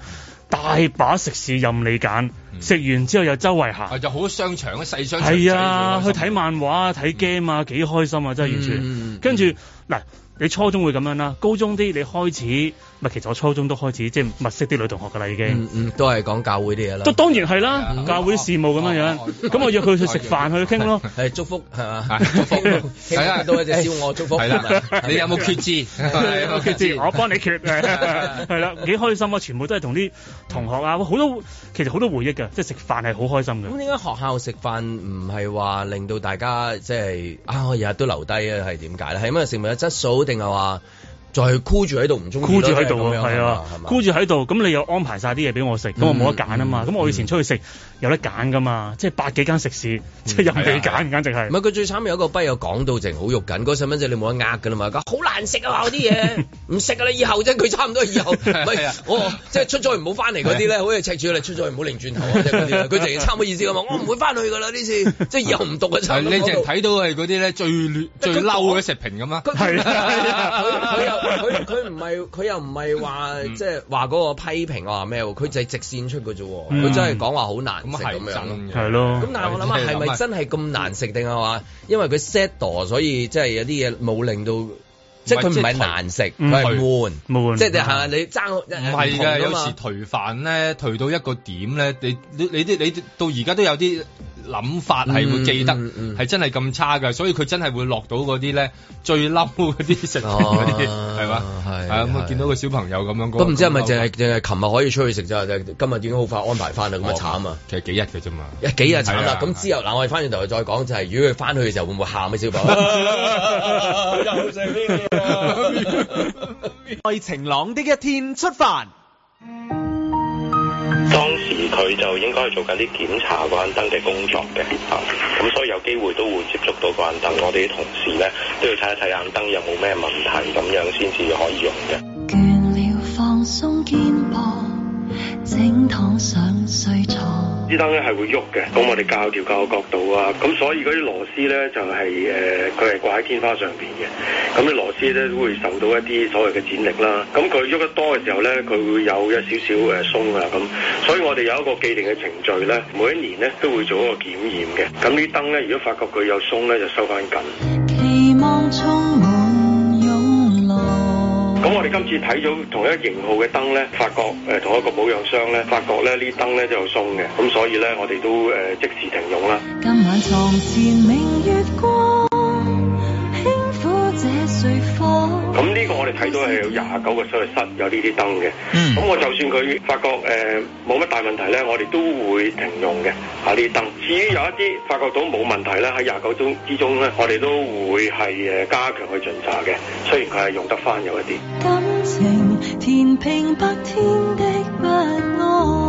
大把食肆任你揀，嗯、食完之後又周圍行，啊，就好多商場、細商場，係啊，去睇漫畫啊，睇 game 啊，幾開心啊，真係完全。跟住嗱。你初中會咁樣啦，高中啲你開始，咪其實我初中都開始即係物識啲女同學噶啦已經，都係講教會啲嘢啦。都當然係啦，教會事務咁樣樣，咁我約佢去食飯去傾咯，係祝福係嘛，祝福，係啦，到我祝福，係你有冇決志？我幫你決志，係啦，幾開心啊！全部都係同啲同學啊，好多其實好多回憶嘅，即係食飯係好開心嘅。咁點解學校食飯唔係話令到大家即係啊日日都留低啊？係點解咧？係因為食物嘅質素。定係話就係箍住喺度唔中意，箍住喺度係啊，係咪箍住喺度。咁你又安排晒啲嘢俾我食，咁我冇得揀啊嘛。咁、嗯嗯、我以前出去食。嗯有得揀噶嘛？即係百幾間食肆，即係任你揀，簡直係。唔係佢最慘，有個跛，又講到，淨好肉緊嗰細蚊仔，你冇得呃㗎啦嘛。好難食啊！嗰啲嘢唔食啊！你以後啫，佢差唔多以後。唔係，我即係出咗去唔好翻嚟嗰啲咧，好似赤柱你出咗去唔好擰轉頭啊！佢淨係差唔多意思啊嘛。我唔會翻去㗎啦，呢次即係以後唔讀。你淨係睇到係嗰啲咧最劣、最嬲嘅食評咁啊？係佢佢又佢佢唔係佢又唔係話即係話嗰個批評話咩？佢就係直線出嘅啫喎。佢真係講話好難。係咁樣，係咯。咁但係我諗下，係咪真係咁難食定係話？因為佢 set 多，所以即係有啲嘢，冇令到，即係佢唔係難食，唔係悶，唔係悶。即係你行你爭，唔係㗎。有時攰飯咧，攰到一個點咧，你你你啲你到而家都有啲。諗法係會記得，係真係咁差噶，所以佢真係會落到嗰啲咧，最嬲嗰啲食嗰啲，係嘛？係係咁啊！見到個小朋友咁樣，都唔知係咪淨係淨係琴日可以出去食啫，就今日已經好快安排翻啦。咁啊慘啊！其實幾日嘅啫嘛，一幾日慘啦。咁之後嗱，我哋翻轉頭再講，就係如果佢翻去嘅時候，會唔會喊啊？小朋友又食咩啊？在情朗的一天出發。當時佢就應該做緊啲檢查眼燈嘅工作嘅，嚇、嗯，咁所以有機會都會接觸到眼燈。我哋啲同事咧都要睇一睇眼燈有冇咩問題，咁樣先至可以用嘅。啲燈咧係會喐嘅，咁我哋校調校角度啊，咁所以嗰啲螺絲咧就係、是、誒，佢、呃、係掛喺天花上邊嘅，咁、那、啲、個、螺絲咧都會受到一啲所謂嘅剪力啦，咁佢喐得多嘅時候咧，佢會有一少少誒鬆啊咁，所以我哋有一個既定嘅程序咧，每一年咧都會做一個檢驗嘅，咁啲燈咧如果發覺佢有鬆咧，就收返緊。咁我哋今次睇咗同一型號嘅燈咧，發覺誒、呃、同一個保養箱咧，發覺咧呢燈咧都有鬆嘅，咁所以咧我哋都誒、呃、即時停用啦。今晚床前明月光，輕撫這咁呢個我哋睇到係有廿九個診室有呢啲燈嘅，咁我就算佢發覺誒冇乜大問題咧，我哋都會停用嘅啊呢啲燈。至於有一啲發覺到冇問題咧，喺廿九宗之中咧，我哋都會係誒加強去巡查嘅，雖然佢係用得返有一啲。感情，填平白天的不安。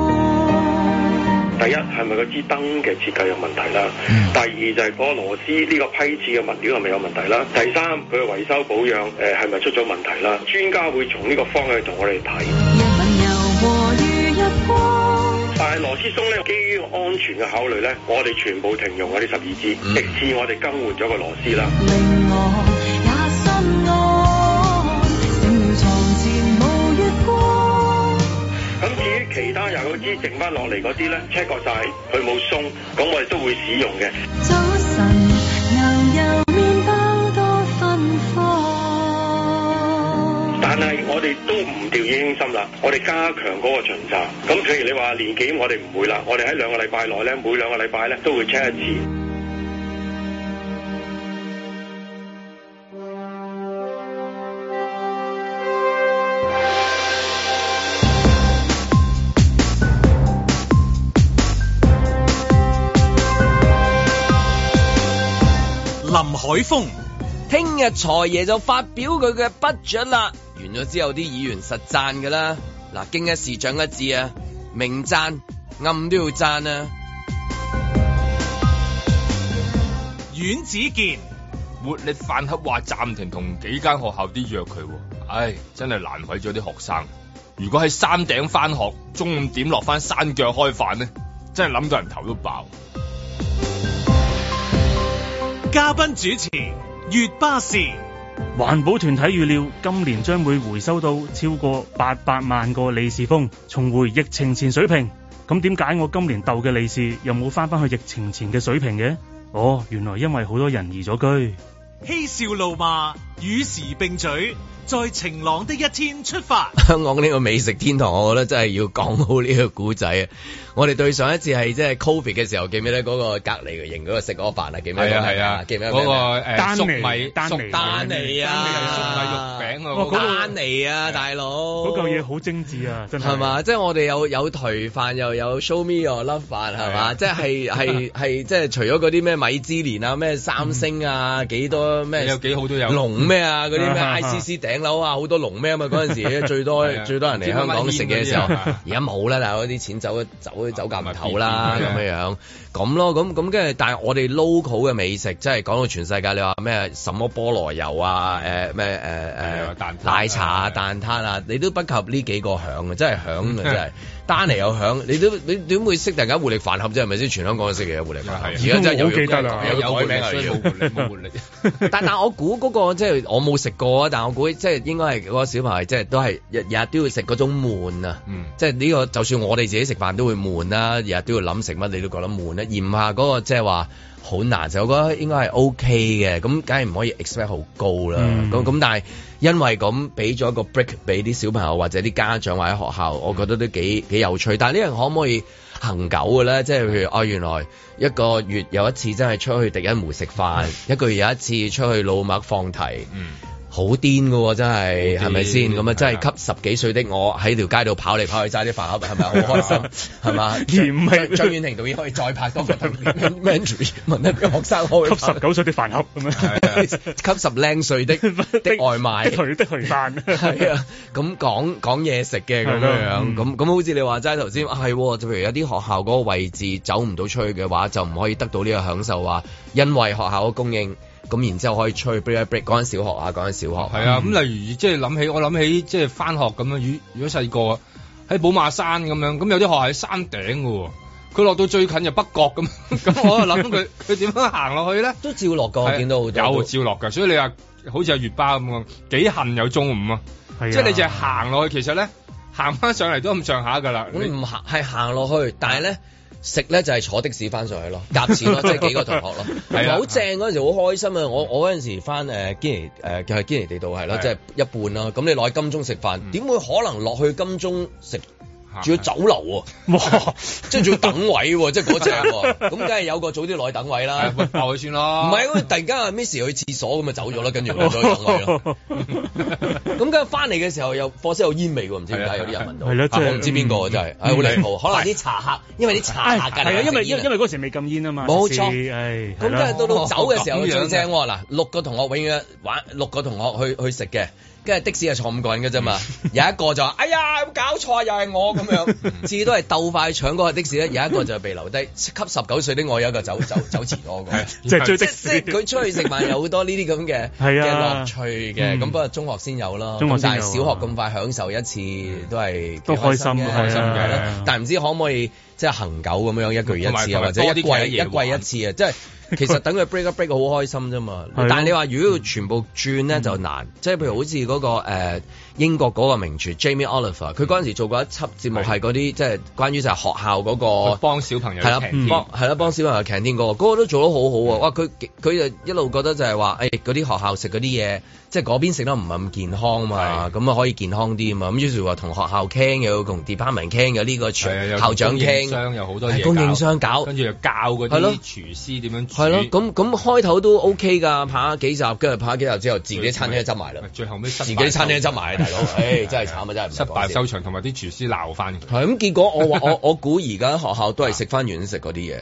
第一係咪嗰支燈嘅設計有問題啦？嗯、第二就係、是、嗰個螺絲呢、呢個批次嘅物料係咪有問題啦？第三，佢嘅維修保養誒係咪出咗問題啦？專家會從呢個方向同我哋睇。嗯、但係螺絲鬆咧，基於安全嘅考慮咧，我哋全部停用咗呢十二支，直至我哋更換咗個螺絲啦。嗯咁至於其他廿九支整翻落嚟嗰啲咧，check 過晒，佢冇鬆，咁我哋都會使用嘅。早晨牛油麵包多芬芳，但係我哋都唔掉以輕心啦，我哋加強嗰個巡查。咁譬如你話年紀我，我哋唔會啦，我哋喺兩個禮拜內咧，每兩個禮拜咧都會 check 一次。林海峰，聽日財爺就發表佢嘅 budget 啦。完咗之後，啲議員實讚噶啦。嗱，經一事長一智啊，明讚暗都要讚啊。阮子健，活力飯盒話暫停同幾間學校啲約佢。唉，真係難為咗啲學生。如果喺山頂翻學，中午點落翻山腳開飯呢？真係諗到人頭都爆。嘉賓主持，月巴士環保團體預料今年將會回收到超過八百萬個利是封，重回疫情前水平。咁點解我今年逗嘅利是又冇返返去疫情前嘅水平嘅？哦，原來因為好多人移咗居，嬉笑怒罵與時並舉。在晴朗的一天出發。香港呢個美食天堂，我覺得真係要講好呢個古仔啊！我哋對上一次係即係 Covid 嘅時候，記唔記得嗰個隔離營嗰個食嗰飯啊？記唔記得？係啊係啊，記唔記得嗰個誒粟米粟丹尼啊，粟米肉餅啊，嗰個丹尼啊，大佬，嗰嚿嘢好精緻啊！係嘛，即係我哋有有頹飯又有 Show Me Your Love 飯係嘛，即係係係即係除咗嗰啲咩米芝蓮啊咩三星啊幾多咩有幾好都有龍咩啊，嗰啲咩 ICC 頂。頂樓啊，好多龍咩啊嘛！嗰陣時最多 <laughs> 對最多人嚟香港食嘢嘅時候，而家冇啦，嗱，啲錢走走酒夾埋頭啦，咁樣樣，咁咯，咁咁跟住，但係我哋 local 嘅美食，即係講到全世界，你話咩？什麼菠蘿油啊？誒咩誒誒奶茶啊、蛋撻啊，的你都不及呢幾個響啊！真係響啊！真係。單嚟又響，你都你點會識大家活力飯盒啫？係咪先全香港都識嘅活力飯盒？而家真係有記得啦，有有活力，所以冇活力冇活力。但但我估嗰個即係我冇食過啊，但我估即係應該係嗰個小朋友即係、就是、都係日日都要食嗰種悶啊！即係呢個就算我哋自己食飯都會悶啦，日日都要諗食乜，你都覺得悶啊。而唔係嗰個即係話。就是好難就，我覺得應該係 OK 嘅，咁梗係唔可以 expect 好高啦。咁咁、mm hmm. 但係因為咁俾咗個 break 俾啲小朋友或者啲家長或者學校，mm hmm. 我覺得都幾幾有趣。但係呢樣可唔可以恆久嘅咧？即係譬如哦，原來一個月有一次真係出去敵一無食飯，mm hmm. 一個月有一次出去老麥放題。Mm hmm. 好癲㗎喎，真係，係咪先？咁啊，真係吸十幾歲的我喺條街度跑嚟跑去揸啲飯盒，係咪好開心？係嘛？而唔係張婉婷導演可以再拍多個特約 manager，唔係學生可以吸十九歲的飯盒咁樣，吸十靚歲的的外賣，攰的攰山。係啊，咁講講嘢食嘅咁樣樣，咁咁好似你話齋頭先，係就譬如有啲學校嗰個位置走唔到出去嘅話，就唔可以得到呢個享受話，因為學校嘅供應。咁然之後可以吹 break a break，講緊小學啊，講緊小學。係啊，咁例、嗯、如即係諗起，我諗起即係翻學咁樣。如如果細個喺寶馬山咁樣，咁有啲學校喺山頂嘅喎，佢落到最近就北角咁。咁 <laughs> <laughs> 我就諗佢佢點樣行落去咧？ <laughs> 都照落嘅，我見到好多有照落嘅，都所以你話好似阿月巴咁樣？幾恨有中午啊！啊即係你淨係行落去，其實咧行翻上嚟都咁上下㗎啦。你唔行係行落去，但係咧。食咧就係、是、坐的士翻上，上去咯，夾錢咯，即係幾個同學咯，係係好正嗰陣時好開心啊！啊啊啊我我嗰陣時翻誒堅尼誒係堅尼地道係、啊啊、咯，即係一半啦。咁你落去金鐘食飯，點、嗯、會可能落去金鐘食？仲要酒樓喎，即係仲要等位喎，即係嗰隻，咁梗係有個早啲來等位啦，由佢算啦。唔係，因為突然間 Miss 去廁所咁啊走咗啦，跟住佢咁梗翻嚟嘅時候又課室有煙味喎，唔知點解有啲人聞到。係我唔知邊個真係，唉，好離譜。可能啲茶客，因為啲茶客。係啊，因為因為嗰時未禁煙啊嘛。冇錯，咁梗係到到走嘅時候最正喎。嗱，六個同學永遠玩六個同學去去食嘅。跟住的士係坐五個人嘅啫嘛，有一個就話：哎呀，搞錯又係我咁樣，次次都係鬥快搶嗰個的士咧。有一個就被留低，吸十九歲的我有一個走走走遲咗嘅，即係佢出去食飯有好多呢啲咁嘅嘅樂趣嘅，咁不過中學先有咯，但係小學咁快享受一次都係都開心嘅，開心嘅。但係唔知可唔可以即係恆久咁樣一個月一次或者一季一季一次啊？即係其實等佢 break break 好開心啫嘛。但係你話如果要全部轉咧就難，即係譬如好似嗰個誒。英國嗰個名廚 Jamie Oliver，佢嗰陣時做過一輯節目，係嗰啲即係關於就係學校嗰個幫小朋友係啦，幫係啦幫小朋友 canteen 嗰個，嗰個都做得好好啊！哇，佢佢就一路覺得就係話，誒嗰啲學校食嗰啲嘢，即係嗰邊食得唔係咁健康嘛，咁啊可以健康啲嘛。咁於是話同學校傾，又同 department 傾，有呢個廚校長傾，商有好多嘢，供應商搞，跟住又教嗰啲廚師點樣。係咯，咁咁開頭都 OK 㗎，拍幾集，跟住拍幾集之後，自己餐廳執埋啦，最後尾自己餐廳執埋。係咯，唉，真係慘啊，真係失敗收場，同埋啲廚師鬧翻佢。係咁，結果我我我估而家學校都係食翻原食嗰啲嘢，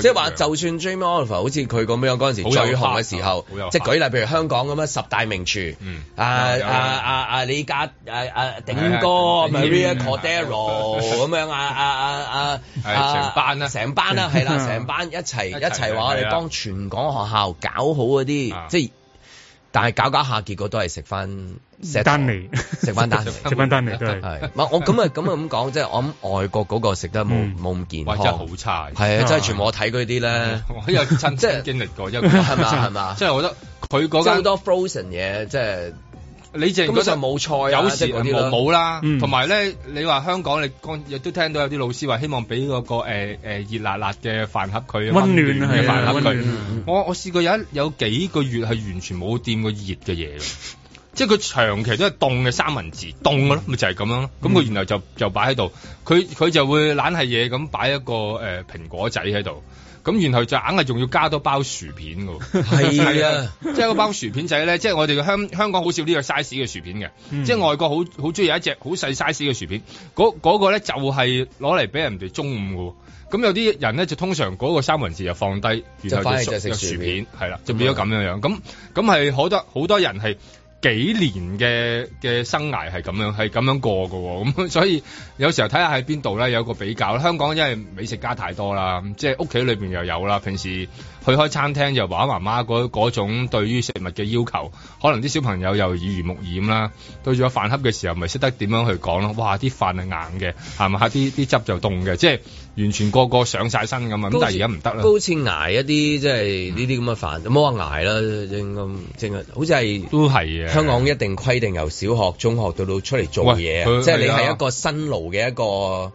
即係話就算 Jamie Oliver 好似佢咁樣嗰陣時最紅嘅時候，即係舉例，譬如香港咁樣十大名廚，啊啊啊啊李家啊啊鼎哥咪 Maria Cordero 咁樣啊啊啊啊，成班啦，成班啦，係啦，成班一齊一齊話我哋幫全港學校搞好嗰啲，即係。但係搞搞下，結果都係食翻食丹尼，食翻丹尼，食翻丹尼都係。係，我咁啊咁啊咁講，即係我諗外國嗰個食得冇冇咁健康，真係好差係啊，即係全部我睇嗰啲咧，我又親即係經歷過一個係嘛係嘛，即係 <laughs> 我覺得佢嗰間好多 frozen 嘢，即係。你淨嗰就冇菜、啊、有時冇冇啦。同埋咧，你話香港你剛亦都聽到有啲老師話希望俾嗰個誒誒熱辣辣嘅飯盒佢，溫暖嘅、啊、飯盒佢。啊、我我試過有有幾個月係完全冇掂過熱嘅嘢， <laughs> 即係佢長期都係凍嘅三文治，凍嘅咯，咪就係、是、咁樣咯。咁佢然後就就擺喺度，佢佢就會懶係嘢咁擺一個誒、uh, 蘋果仔喺度。咁然後就硬係仲要加多包薯片㗎，係啊，即係嗰包薯片仔咧，即係我哋香香港好少呢個 size 嘅薯片嘅，即係、嗯、外國好好中意有一隻好細 size 嘅薯片，嗰、嗰個咧就係攞嚟俾人哋中午㗎。咁有啲人咧就通常嗰個三文治就放低，然後就翻嚟就食薯片，係啦， <laughs> 就變咗咁樣樣。咁咁係好多好多人係，幾年嘅嘅生涯，係咁樣係咁樣的過嘅喎、哦，咁、嗯、所以有時候睇下喺邊度咧有個比較。香港因為美食家太多啦，即係屋企裏邊又有啦，平時去開餐廳又爸爸媽媽嗰嗰種對於食物嘅要求，可能啲小朋友又耳濡目染啦。對住個飯盒嘅時候，咪識得點樣去講咯。哇！啲飯係硬嘅，係咪嚇？啲啲汁就凍嘅，即係完全個個上晒身咁啊！咁尚但係而家唔得啦，都好似挨一啲即係呢啲咁嘅飯，冇話挨啦，正咁正啊，好似係都係是啊。香港一定規定由小學、中學到到出嚟做嘢，即係你係一個辛勞嘅一個，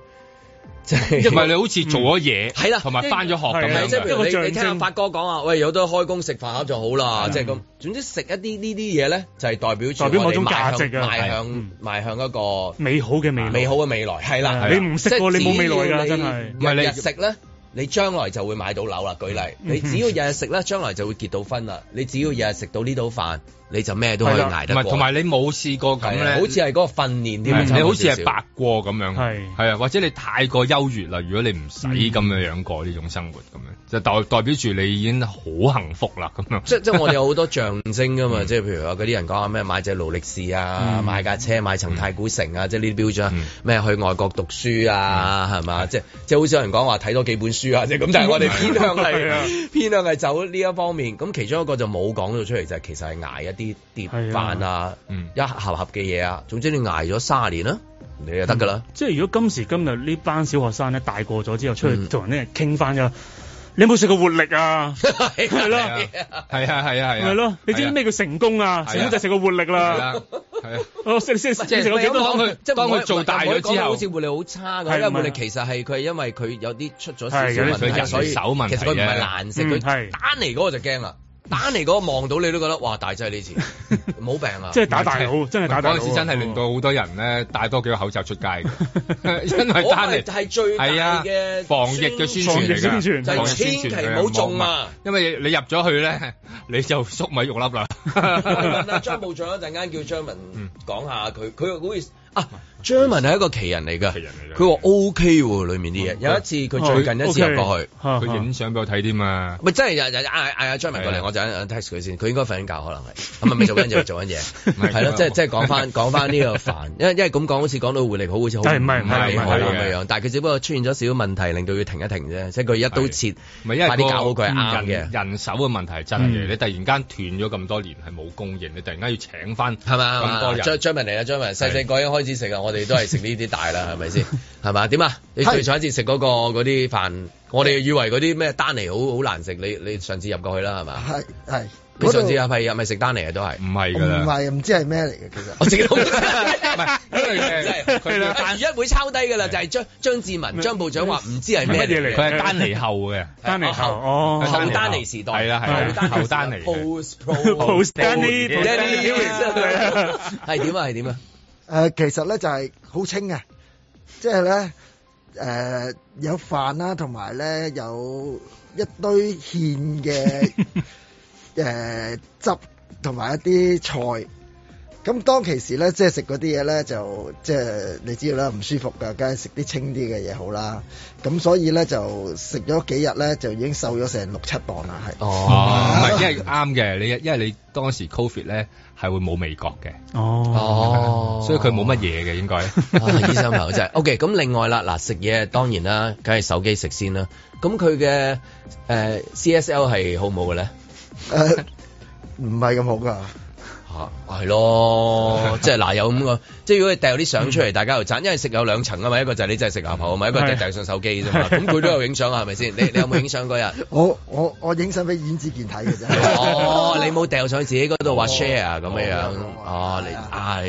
即係一唔係你好似做咗嘢，係啦，同埋返咗學咁樣。即係你你聽發哥講啊，喂，有得開工食飯盒就好啦，即係咁。總之食一啲呢啲嘢咧，就係代表代表某種價值嘅，邁向邁向一個美好嘅未來，美好嘅未來係啦。你唔識，你冇未來噶真係。唔係你日食咧，你將來就會買到樓啦。舉例，你只要日日食咧，將來就會結到婚啦。你只要日日食到呢度飯。你就咩都可以捱得過，唔係同埋你冇試過咁咧，好似係嗰個訓練啲，你好似係白過咁樣，係啊，或者你太過優越啦，如果你唔使咁嘅樣過呢種生活咁樣，就代代表住你已經好幸福啦咁樣。即即我哋有好多象徵噶嘛，即譬如話嗰啲人講話咩買隻勞力士啊，買架車，買層太古城啊，即呢啲標準咩去外國讀書啊，係嘛？即即好似有人講話睇多幾本書啊，即咁，但係我哋偏向係偏向係走呢一方面。咁其中一個就冇講到出嚟，就係其實係捱一啲。啲碟飯啊，一盒盒嘅嘢啊，總之你挨咗三十年啦，你又得噶啦。即係如果今時今日呢班小學生咧大個咗之後出去同人咧傾翻咗，你有冇食過活力啊？係咯，係啊，係啊，係啊，係咯。你知唔知咩叫成功啊？成功就食過活力啦。係啊，我食食即係食到當佢即係當佢做大咗之後，好似活力好差咁。因為活力其實係佢係因為佢有啲出咗小小問題，所以其實佢唔係難食，佢打嚟嗰個就驚啦。打嚟嗰個望到你都覺得哇！大劑，呢次冇病啊，即係打大好，是真係打大嗰陣時真係令到好多人咧帶多幾個口罩出街，因為打嚟就係最緊嘅、啊、防疫嘅宣傳嚟㗎，就係千祈唔好中啊！因為你入咗去咧，你就粟米肉粒啦。 <laughs> 問張部長一陣間叫張文講下佢，佢好意啊張文係一個奇人嚟㗎，佢話 OK 喎，裡面啲嘢。有一次佢最近一次入過去，佢影相俾我睇添啊。咪真係嗌阿張文過嚟，我就 text 佢先。佢應該瞓緊覺，可能係咁啊，咪做緊嘢，做緊嘢。係咯，即係即係講翻講翻呢個煩，因為因為咁講好似講到匯力好，好似好厲害咁樣。但係佢只不過出現咗少少問題，令到佢停一停啫。即係佢一刀切，快啲搞好佢係啱嘅。人手嘅問題真係，你突然間斷咗咁多年係冇供應，你突然間要請翻係咪？張文嚟啊，張文細細個已經開。次食啊！我哋都係食呢啲大啦，係咪先？係嘛？點啊？你最上一次食嗰個嗰啲飯，我哋以為嗰啲咩丹尼好好難食，你你上次入過去啦，係嘛？係係，你上次係咪入咪食丹尼嘅都係唔係噶啦？唔係唔知係咩嚟嘅，其實我自己唔係，真係佢。而家會抄低噶啦，就係張張志文張部長話唔知係咩嚟嘅，佢係丹尼後嘅，丹尼後哦，後丹尼時代係啦係啦，後丹尼。Post Pro Post Danny Danny，係點啊？係點啊？誒、呃，其實咧就係好清㗎，即係咧誒有飯啦，同埋咧有一堆芡嘅誒、 <laughs> 呃、汁，同埋一啲菜。咁當其時咧，即係食嗰啲嘢咧，就即係你知道啦，唔舒服噶，梗係食啲清啲嘅嘢好啦。咁所以咧就食咗幾日咧，就已經瘦咗成六七磅啦，係。哦，唔係，因為啱嘅，你因為你當時 COVID 咧。係會冇味覺嘅，哦，oh. <laughs> 所以佢冇乜嘢嘅應該。 <laughs> 啊、醫生朋友真係，OK。咁另外啦，嗱，食嘢當然啦，梗係手機食先啦。咁佢嘅誒 C S L 係、uh, 好唔好嘅咧？誒，唔係咁好㗎。係咯，即係嗱，有咁個，即係如果你掉啲相出嚟，大家又讚，因為食有兩層啊嘛，一個就係你真係食下，口啊嘛，一個就掉上手機啫嘛，咁佢都有影相啊，係咪先？你你有冇影相嗰日？我我我影相俾尹子健睇嘅啫。哦，你冇掉上自己嗰度話 share 咁樣樣，哦，你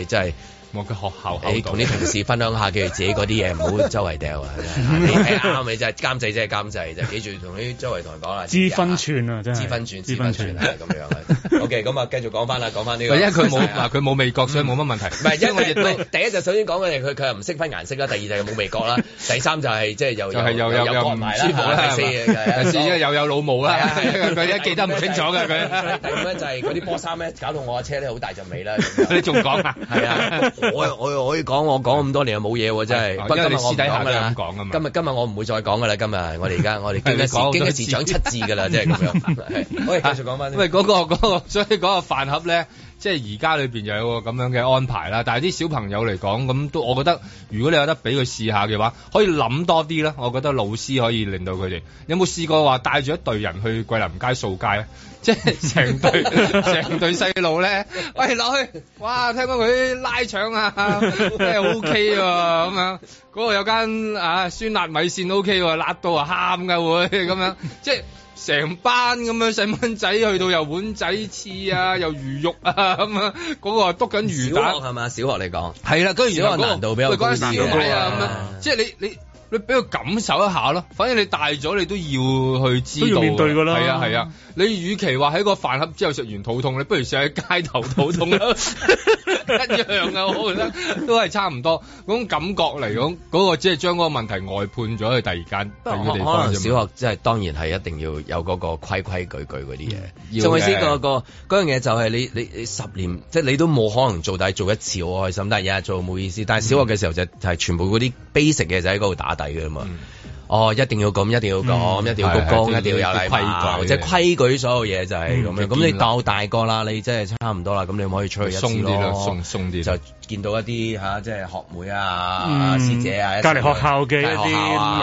係真係。我嘅學校，你同啲同事分享下，記住自己嗰啲嘢，唔好周圍掉啊！你睇啱，你就係監製啫，監製啫，記住同啲周圍同人講啦。知分寸啊，真係知分寸，知分寸係咁樣。OK，咁啊，繼續講翻啦，講翻呢個。因為佢冇佢冇味覺，所以冇乜問題。唔係，因為亦都第一就首先講佢哋，佢又唔識分顏色啦。第二就冇味覺啦。第三就係即係又又又又唔舒服啦。第四又又有老母啦，佢一記得唔清楚嘅佢。第五咧就係嗰啲波衫咧，搞到我架車咧好大陣味啦。你仲講啊？係啊！ <laughs> 我我可以講，我講咁多年又冇嘢喎，真係，不過今日我講啦，今日今日我唔會再講噶啦。今日我哋而家我哋經一事，經一事長七字噶啦，即係咁樣，係， <laughs> 可以繼續講翻。因為嗰個嗰個，所以嗰個飯盒咧。即係而家裏邊就有個咁樣嘅安排啦，但係啲小朋友嚟講咁都，我覺得如果你有得俾佢試下嘅話，可以諗多啲咯。我覺得老師可以令到佢哋有冇試過話帶住一隊人去桂林街掃街咧，即係成隊成隊細路咧，喂落去！哇！聽講佢拉腸啊，係 O K 喎，咁樣嗰度有間啊酸辣米線 O K 喎，辣到啊喊㗎會咁樣，嗯嗯，即係。成班咁樣細蚊仔去到又碗仔翅啊，又魚肉啊咁啊，嗰個係篤緊魚蛋係嘛？小學嚟講係啦，跟住如果難度比較難嗰個啊，啊 <laughs> 即係你你。你你俾佢感受一下咯，反正你大咗你都要去知道，面對嘅啦，係啊係啊，啊，你與其話喺個飯盒之後食完肚痛，你不如上喺街頭肚痛啦， <laughs> <laughs> 一樣啊，我覺得都係差唔多，嗰種感覺嚟講，嗰、嗰個即係將嗰個問題外判咗去第二間，如可能小學即、就、係、是、當然係一定要有嗰個規規矩矩嗰啲嘢。宋老師個嗰樣嘢就係你你你十年即係你都冇可能做底做一次好開心，但係日日做冇意思。但係小學嘅、就是、時候就係、就是、全部嗰啲 basic 嘅就喺嗰度打。係噶嘛？嗯、哦，一定要咁，一定要咁，嗯、一定要鞠躬，的一定要有規矩，即係規矩。所有嘢就係咁樣，咁你到大個啦，你即係差唔多啦。咁你可以出去一次咯，鬆啲啦，鬆鬆啲就。見到一啲吓，即係學妹啊、師姐啊，隔離學校嘅一啲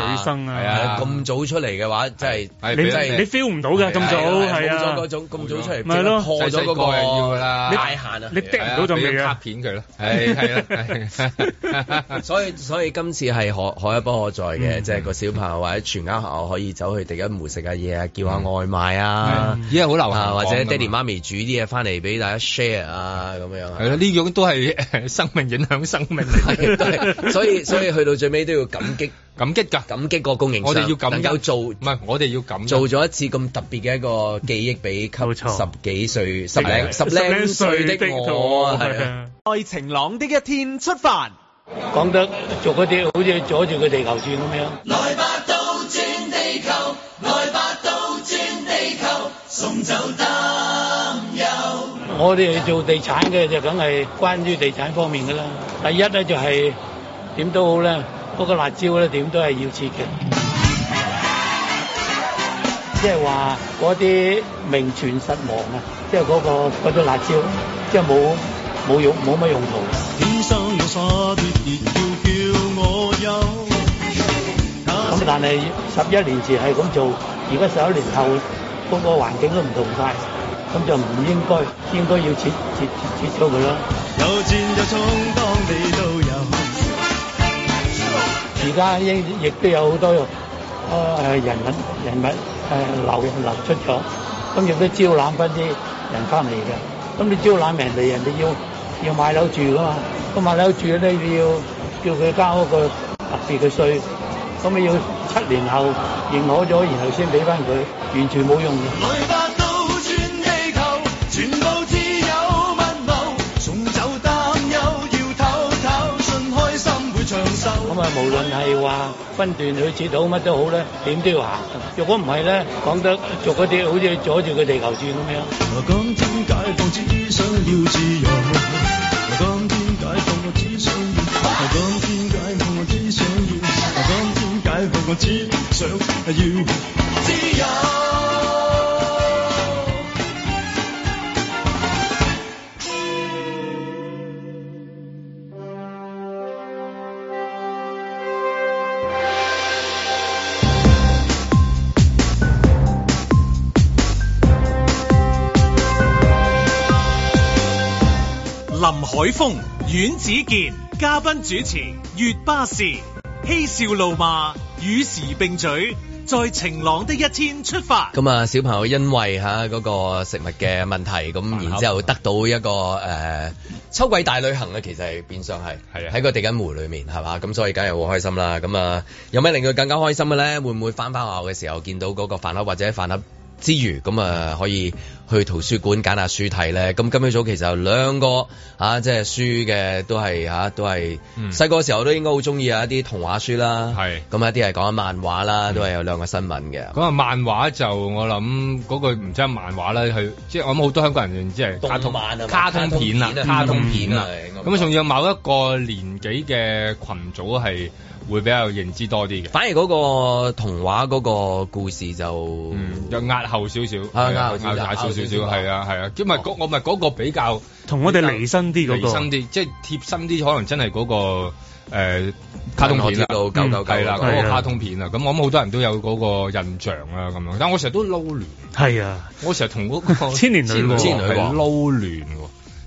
女生啊，咁早出嚟嘅話，即係你你 feel 唔到㗎，咁早係啊，咁早嗰種，咁早出嚟，破咗嗰個大限啊，你釘唔到仲要拍片佢咯，係係啦，所以所以今次係可可一不可再嘅，即係個小朋友或者全家，學校可以走去第一門食下嘢啊，叫下外賣啊，依家好流行，或者爹哋媽咪煮啲嘢翻嚟俾大家 share 啊，咁樣係啦，呢種都係。生命影響生命，係，所以所以去到最尾都要感激感激㗎，感激個供應商。我哋要能夠做，唔係我哋要咁做咗一次咁特別嘅一個記憶俾溝錯十幾歲十零十零歲的我，係啊。在晴朗的一天出發，講得俗一啲，好似阻住個地球轉咁樣。來吧，倒轉地球，來吧，倒轉地球，送走。我哋做地產嘅就梗係關於地產方面嘅啦。第一咧就係點都好咧，嗰個辣椒咧點都係要切嘅。即係話嗰啲名存實亡啊，即係嗰個嗰啲辣椒，即係冇冇用冇乜用途。咁但係十一年前係咁做，而家十一年後嗰個環境都唔同晒。咁就唔應該，應該要截截截咗佢啦。有戰有衝，當地都有。而家亦亦都有好多誒人物人物誒流人流出咗，咁、嗯、亦都招攬翻啲人翻嚟嘅。咁、嗯、你招攬人哋，人哋要要買樓住噶嘛？咁買樓住咧，你要叫佢交個特別嘅稅，咁、嗯、你要七年後認可咗，然後先俾翻佢，完全冇用嘅。無論係話分段去切到乜都好咧，點都要行。如果唔係咧，講得做嗰啲好似阻住個地球轉咁樣。林海峰、阮子健，嘉賓主持，月巴士嬉笑怒罵，與時並舉，在晴朗的一天出發。咁啊，小朋友因為吓嗰、那個食物嘅問題，咁口然之後得到一個誒、呃，秋季大旅行咧，其實係變相係係啊，喺的個地緊湖裏面係嘛，咁所以梗係好開心啦。咁啊，有咩令佢更加開心嘅咧？會唔會翻翻學校嘅時候見到嗰個飯盒或者飯盒？之餘咁啊，可以去圖書館揀下書睇咧。咁今日早其實有兩個啊，即、就、係、是、書嘅都係嚇、啊，都係細個嘅時候都應該好中意啊一啲童話書啦。係、嗯。咁啊一啲係講緊漫畫啦，嗯、都係有兩個新聞嘅。咁啊漫畫就我諗嗰句唔準漫畫啦，佢即係我諗好多香港人即係動漫、卡通片啦、卡通片啦。咁仲有某一個年紀嘅群組係。會比較認知多啲嘅，反而嗰個童話嗰個故事就又壓後少少，壓後少少少，係啊係啊，因為我咪嗰個比較同我哋離身啲嗰個，離身啲即係貼身啲，可能真係嗰個誒卡通片嗰度，係啦嗰個卡通片啊，咁我諗好多人都有嗰個印象啊。咁樣，但係我成日都撈亂，係啊，我成日同嗰個千年女千年女撈亂，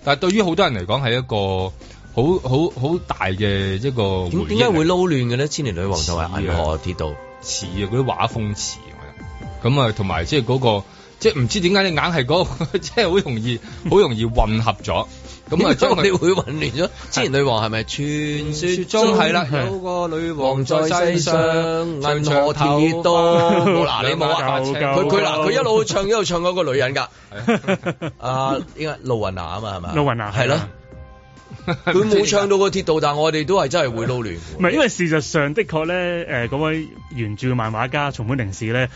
但係對於好多人嚟講係一個。好好好大嘅一個點點解會撈亂嘅咧？千年女王就係銀河鐵道，似嗰啲畫風似，咁咁啊，同埋即係嗰個，即係唔知點解你硬係嗰即係好容易，好容易混合咗，咁啊，將你會混亂咗。千年女王係咪傳說中係啦？有個女王在世上，銀河鐵道，嗱你冇啊？佢佢嗱，佢一路唱一路唱嗰個女人噶，啊，應該？路雲娜啊嘛，係咪？路雲娜係咯。佢冇 <laughs> 唱到個鐵道，但係我哋都係真係會撈亂。唔係，因為事實上的確咧，誒，嗰位原著嘅漫畫家松本零士咧，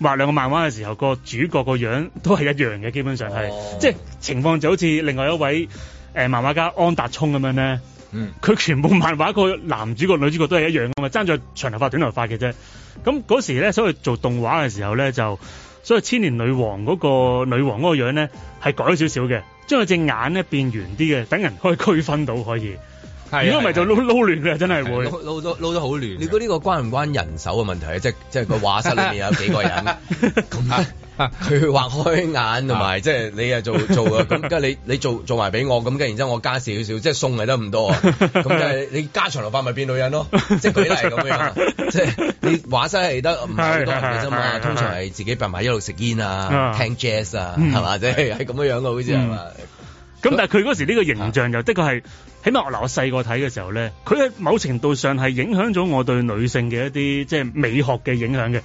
畫兩個漫畫嘅時候，個主角個樣都係一樣嘅，基本上係，哦、即係情況就好似另外一位誒、呃、漫畫家安達充咁樣咧。嗯，佢全部漫畫個男主角、女主角都係一樣，咁咪爭咗長頭髮、短頭髮嘅啫。咁嗰時咧，所以做動畫嘅時候咧，就所以千年女王嗰、嗰個女王嗰個樣咧係改咗少少嘅。將佢隻眼咧變圓啲嘅，等人可以區分到可以。如果唔係就撈的撈，撈，撈亂嘅，真係會撈咗撈咗好亂。你估呢個關唔關人手嘅問題啊？ <laughs> 即係即係個畫室裏面有幾個人咁 <laughs> <laughs> <laughs> 佢畫開眼同埋，即係你啊做做咁，跟住你你做做埋俾我，咁跟住然之後我加少少，即係送嚟得唔多，咁即係你加長頭髮咪變女人咯，即係舉例咁樣，即係你畫晒嚟得唔多啫嘛，通常係自己扮埋一路食煙啊，聽 Jazz 啊，係嘛，即係係咁樣樣嘅好似係嘛。咁但係佢嗰時呢個形象就的確係，起碼我嗱我細個睇嘅時候咧，佢喺某程度上係影響咗我對女性嘅一啲即係美學嘅影響嘅。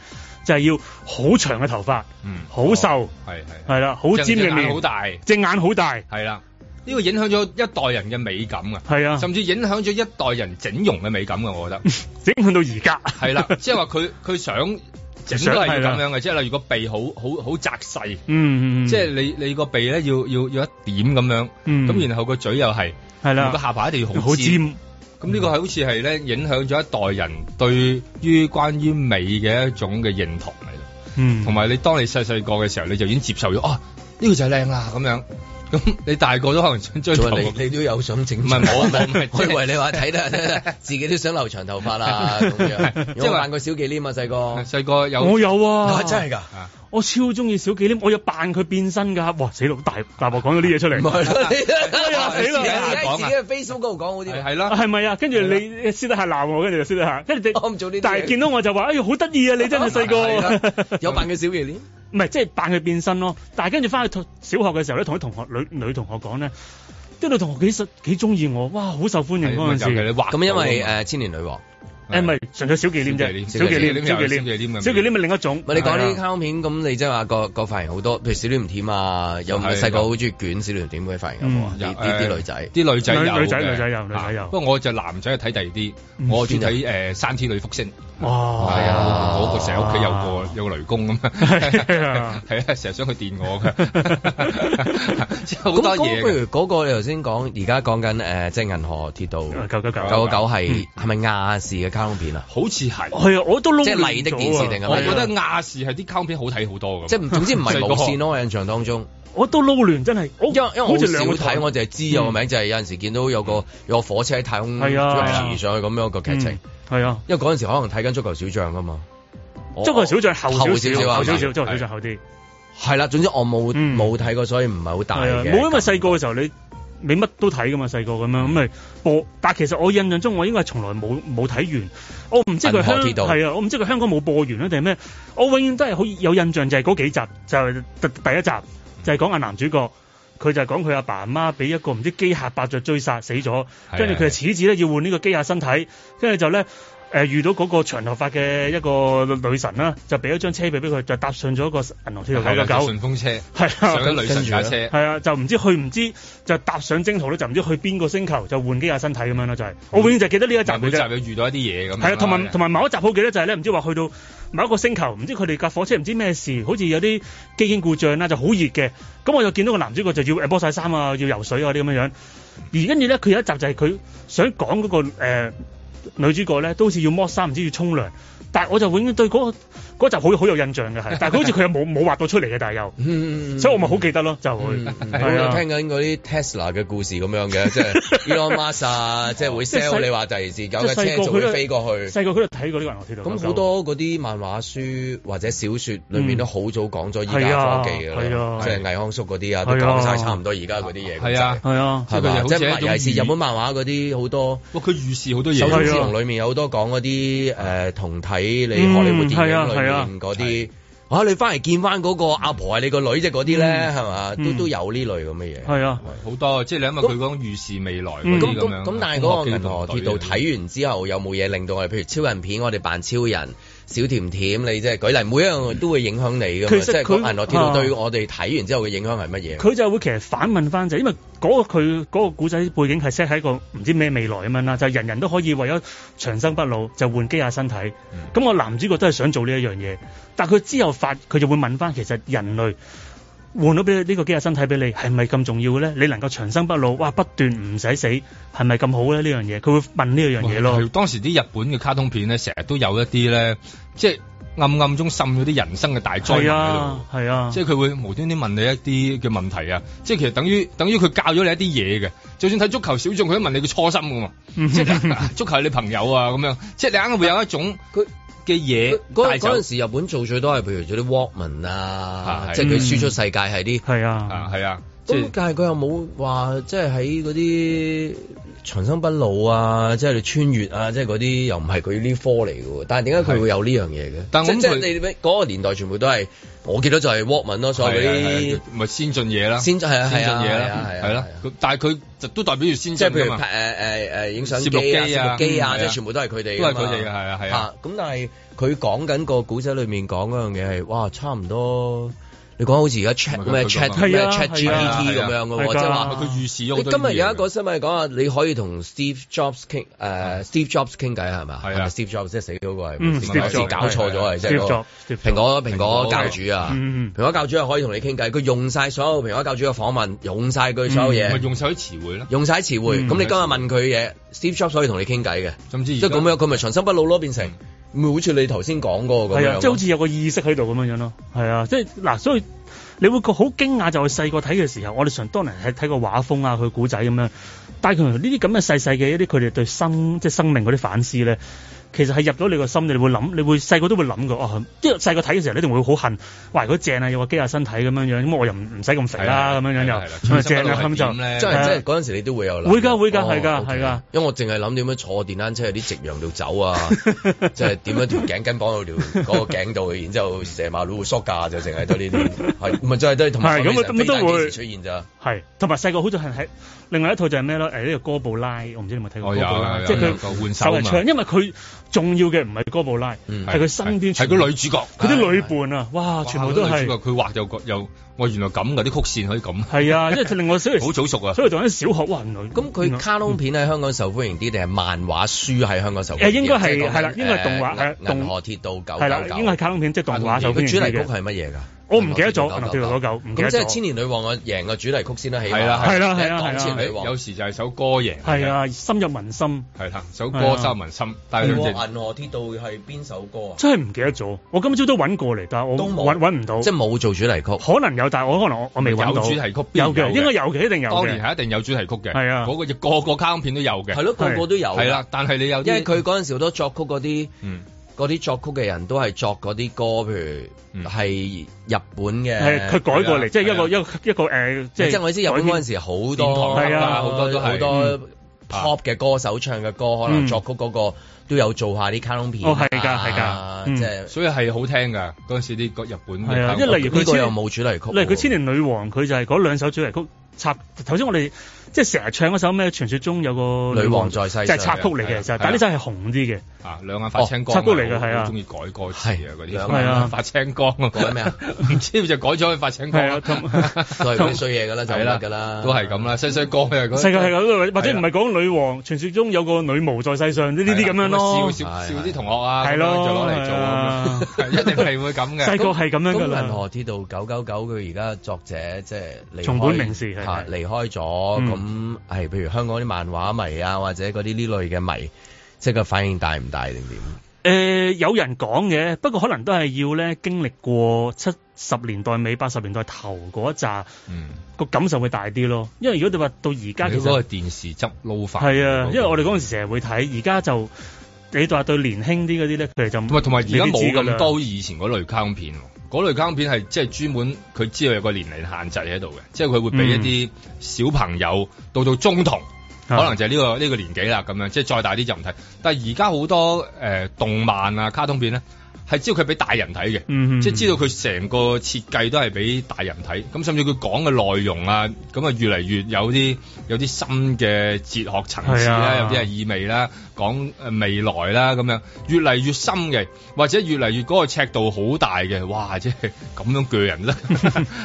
就係要好長嘅頭髮，嗯，好瘦，係係，係啦，好尖嘅面，好大，隻眼好大，係啦，呢個影響咗一代人嘅美感噶，係啊，甚至影響咗一代人整容嘅美感噶，我覺得，影響到而家，係啦，即係話佢佢想整都係要咁樣嘅，即係例如個鼻好好好窄細，嗯嗯，即係你你個鼻咧要要要一點咁樣，嗯，咁然後個嘴又係，係啦，個下巴一定要好尖。咁呢個係好似係咧影響咗一代人對於關於美嘅一種嘅認同嚟咯，嗯，同埋你當你細細個嘅時候，你就已經接受咗啊，呢個就係靚啦咁樣，咁你大個都可能想追求，你你都有想整，唔係冇啊。唔係我以為你話睇得，自己都想留長頭髮啊，咁樣即係扮個小忌廉啊，細個細個有，我有啊，真係㗎。我超中意小忌廉，我要扮佢變身噶，哇死咯！大大婆講咗啲嘢出嚟，死係啦，自己喺自己嘅 Facebook 嗰度講嗰啲，係啦，係咪啊？跟住你私底下鬧我，跟住又私底下，跟住你我唔做呢啲，但係見到我就話，哎呀好得意啊！你真係細個有扮嘅小忌廉，唔係即係扮佢變身咯。但係跟住返去小學嘅時候咧，同啲同學女女同學講咧，啲女同學幾實幾中意我，哇好受歡迎嗰陣時，咁因為誒千年女王。誒，唔係，純粹小忌廉啫，小忌廉，小忌廉，小忌廉，小忌廉咪另一種。你講啲卡通片咁，你即係話個個髮型好多，譬如小忌廉唔添啊，有唔係細個好中意卷小忌廉點嘅髮型有啊，啲啲女仔，啲女仔有女仔女仔有，不過我就男仔睇第二啲，我專睇誒山 T 女福星。哇！係啊，我個成日屋企有個有個雷公咁啊，係啊，成日想去電我好多嘢。不如嗰個你頭先講，而家講緊誒，即係銀河鐵道九九九九個九係係咪亞視嘅？卡通片啊，好似係係啊，我都即係麗的電視定係乜嘢？我覺得亞視係啲卡通片好睇好多㗎，即係總之唔係無綫咯。我印象當中，我都撈亂，真係。因為因為好少睇，我就係知有個名，就係有陣時見到有個有個火車喺太空移上去咁樣個劇情，係啊。因為嗰陣時可能睇緊足球小將啊嘛，足球小將後少少，後少少，足球小將後啲。係啦，總之我冇冇睇過，所以唔係好大嘅。冇，因為細個嘅時候你。你乜都睇噶嘛，細個咁樣咁咪播，但係其實我印象中我應該係從來冇冇睇完，我唔知佢香係 <music> 啊，我唔知佢香港冇播完啦定係咩？我永遠都係好有印象就係嗰幾集，就第、係、第一集就係、係、講阿男主角，佢就係講佢阿爸阿媽俾一個唔知機械伯爵追殺死咗，跟住佢係始終咧要換呢個機械身體，跟住就咧。誒、呃，遇到嗰個長頭髮嘅一個女神啦，啊，就俾咗張車票俾佢，就搭上咗一個銀河車。係個狗。順風車。係，啊。上緊女神架車。係啊， <laughs> 就唔知去唔知就搭上征途咧，就唔知去邊個星球，就換機下身體咁樣啦。就係、是。嗯、我永遠就記得呢一集嘅啫。每集佢遇到一啲嘢咁。係啊的，同埋同埋某一集好記得就係、是、咧，唔知話去到某一個星球，唔知佢哋架火車唔知咩事，好似有啲機件故障啦，就好熱嘅。咁我就見到個男主角就要剝晒衫啊，要游水啊啲咁樣樣。而跟住咧，佢有一集就係佢想講嗰、那個誒。呃女主角咧都好似要剝衫，唔知要沖涼，但係我就永遠對嗰、嗰個。嗰集好好有印象嘅，係，但係佢好似佢又冇冇畫到出嚟嘅，但係又，所以我咪好記得咯，就去，聽緊嗰啲 Tesla 嘅故事咁樣嘅，即係 Elon Musk 即係會 sell 你話第時自己架車就會飛過去。細個佢又睇過呢個漫畫書，咁好多嗰啲漫畫書或者小説裏面都好早講咗依家科技嘅即係魏康叔嗰啲啊，都講晒差唔多而家嗰啲嘢。係啊，係啊，即係尤其是日本漫畫嗰啲好多，佢預示好多嘢，守護之龍裏面有好多講嗰啲誒同體你嗰啲嚇，你翻嚟見翻嗰個阿婆係你個女啫，嗰啲咧係咪？都都有呢類咁嘅嘢，係啊，好多即係你諗下，佢講預示未來，咁咁咁，但係嗰個銀河鐵道睇完之後，有冇嘢令到我哋，譬如超人片，我哋扮超人。小甜甜你，你即係舉例，每一樣都會影響你噶嘛，其實即係佢《銀河鐵路》對我哋睇完之後嘅影響係乜嘢？佢、啊、就會其實反問翻就係，因為嗰個佢嗰個古仔背景係 set 喺個唔知咩未來咁樣啦，就係、人人都可以為咗長生不老就換機械身體。咁、嗯、我男主角都係想做呢一樣嘢，但係佢之後發佢就會問翻，其實人類。換到俾呢個機械身體俾你，係咪咁重要嘅咧？你能夠長生不老，哇，不斷唔使死，係咪咁好咧？呢樣嘢，佢會問呢樣嘢咯。係當時啲日本嘅卡通片咧，成日都有一啲咧，即係暗暗中滲咗啲人生嘅大災難喺度。係啊，即係佢會無端端問你一啲嘅問題啊，即係其實等於等於佢教咗你一啲嘢嘅。就算睇足球小將，佢都問你嘅初心噶嘛，即係足球係你朋友啊咁樣，即係你硬係會有一種佢。嘅嘢，嗰嗰陣時日本做最多係譬如做啲 Walkman 啊，啊啊即係佢輸出世界係啲，係啊，係啊，啊即係但係佢又冇話，即係喺嗰啲。長生不老啊，即係你穿越啊，即係嗰啲又唔係佢呢科嚟嘅，但係點解佢會有呢樣嘢嘅？即係即係你嗰個年代全部都係，我記得就係 Walkman 咯，所謂啲咪先進嘢啦，先係啊係啊，先進嘢啦係啊係啦。但係佢都代表住先進嘅嘛。即係譬如誒誒誒，影相機啊，攝錄機啊，即係全部都係佢哋，都係佢哋係啊係啊。咁但係佢講緊個古仔裏面講嗰樣嘢係，哇，差唔多。你講好似而家 chat 咩 chat 咩 chat GPT 咁樣嘅喎，即係話。佢預示好多嘢。你今日有一個新聞講話，你可以同 Steve Jobs 傾誒 Steve Jobs 傾偈係嘛？係啊。Steve Jobs 即係死咗個係。嗯，搞錯搞錯咗係即係。錯。蘋果蘋果教主啊。嗯，蘋果教主又可以同你傾偈，佢用晒所有蘋果教主嘅訪問，用晒佢所有嘢。咪用晒啲詞彙咯。用曬啲詞彙。咁你今日問佢嘢，Steve Jobs 可以同你傾偈嘅。甚至。即係咁樣，佢咪長生不老咯，變成。咪、啊、好似你頭先講嗰個咁，即係好似有個意識喺度咁樣樣咯。係啊，即係嗱，所以你會覺好驚訝，就係細個睇嘅時候，我哋常多人係睇個畫風啊，佢古仔咁樣，但係佢呢啲咁嘅細細嘅一啲，佢哋對生即係生命嗰啲反思咧。其實係入咗你個心，你會諗，你會細個都會諗㗎。哇！即係細個睇嘅時候，你一定會好恨，哇！好正啊，有個機械身體咁樣樣，咁我又唔使咁肥啦咁樣樣又。係係正啦，咁就。真係真係嗰陣時，你都會有。會㗎，會㗎，係㗎，係㗎。因為我淨係諗點樣坐電單車喺啲夕陽度走啊，即係點樣條頸巾綁到條嗰個頸度，然之後成馬路會縮架就淨係都呢啲係，唔係真係都係同埋。係咁，咁都會出現咋。係。同埋細個好似係喺另外一套就係咩咯？誒呢個哥布拉，我唔知你有冇睇過？我有。即係佢換手唱，因為佢。重要嘅唔係哥布拉，係佢、嗯、身邊，係個是部女主角，佢啲女伴啊，是哇，全部都係佢畫又又。又哦，原來咁噶，啲曲線可以咁。係啊，即係另外小好早熟啊，所以仲喺小學運。咁佢卡通片喺香港受歡迎啲定係漫畫書喺香港受歡迎？誒，應該係係啦，應該係動畫係。銀河鐵道九九九應該係卡通片，即係動畫受。佢主題曲係乜嘢㗎？我唔記得咗，叫做嗰嚿。即係千年女皇我贏個主題曲先得。係啦係啦係啦。千年女皇有時就係首歌贏。係啊，深入民心。係啊，首歌收民心。但係銀河鐵道係邊首歌啊？真係唔記得咗，我今朝都揾過嚟，但係我都唔到。即係冇做主題曲。可能有。但係我可能我我未揾到有主題曲，有嘅應該有嘅一定有。當年係一定有主題曲嘅，係啊，嗰個就個個卡通片都有嘅。係咯，個個都有。係啦，但係你有啲，因為佢嗰陣時好多作曲嗰啲，嗰啲作曲嘅人都係作嗰啲歌，譬如係日本嘅。係佢改過嚟，即係一個一一個誒，即係即係我意思，日本嗰陣時好多係啊，好多都係。pop 嘅歌手唱嘅歌，可能作曲嗰、那個、嗯、都有做下啲卡通片。哦，係噶、這個，係噶，即係所以係好聽噶。嗰陣時啲個日本，係啊，呢個有冇主題曲？例如佢千年女王，佢就係嗰兩首主題曲插。頭先我哋。即係成日唱嗰首咩？傳説中有個女王在世即係插曲嚟嘅，其實，但呢首係紅啲嘅。啊，兩眼發青光，插曲嚟嘅係啊，中意改歌詞係啊，嗰啲兩眼發青光啊，改咩啊？唔知就改咗佢發青光咁，都係衰嘢㗎啦，就係啦㗎啦，都係咁啦，細細個細個。世界或者唔係講女王，傳説中有個女巫在世上呢啲咁樣咯。笑笑啲同學啊，係咯，就攞嚟做，一定係會咁嘅。細個係咁樣嘅啦。何文學道九九九，佢而家作者即係從本名士係離開咗。咁係、嗯，譬如香港啲漫畫迷啊，或者嗰啲呢類嘅迷，即係個反應大唔大定點？誒、呃，有人講嘅，不過可能都係要咧經歷過七十年代尾，八十年代頭嗰一紮，個、嗯、感受會大啲咯。因為如果你話到而家，嗯、其實個電視執撈法係啊，嗯、因為我哋嗰陣時成日會睇，而家就你話對年輕啲嗰啲咧，佢哋就唔同埋，而家冇咁多以前嗰類卡通片咯。嗰類卡通片係即係專門佢知道有個年齡限制喺度嘅，即係佢會俾一啲小朋友到到中童，嗯、可能就係呢個呢個年紀啦咁樣，即係再大啲就唔睇。但係而家好多誒、呃、動漫啊卡通片咧，係知道佢俾大人睇嘅，嗯嗯嗯，即係知道佢成個設計都係俾大人睇。咁甚至佢講嘅內容啊，咁啊越嚟越有啲有啲深嘅哲學層次啦，啊、有啲係意味啦。講誒未來啦咁樣越嚟越深嘅，或者越嚟越嗰個尺度好大嘅，哇！即係咁樣鋸人啦，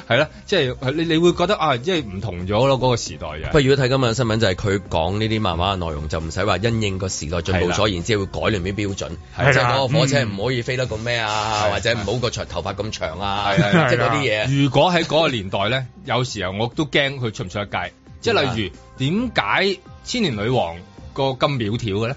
係啦，即係你你會覺得啊，即係唔同咗咯，嗰個時代嘅。不過如果睇今日新聞，就係佢講呢啲漫畫嘅內容，就唔使話因應個時代進步咗，然之後會改良啲標準，即係嗰個火車唔可以飛得咁咩啊，或者唔好個長頭髮咁長啊，即係嗰啲嘢。如果喺嗰個年代咧，有時候我都驚佢出唔出得界。即係例如，點解千年女王個金苗條嘅咧？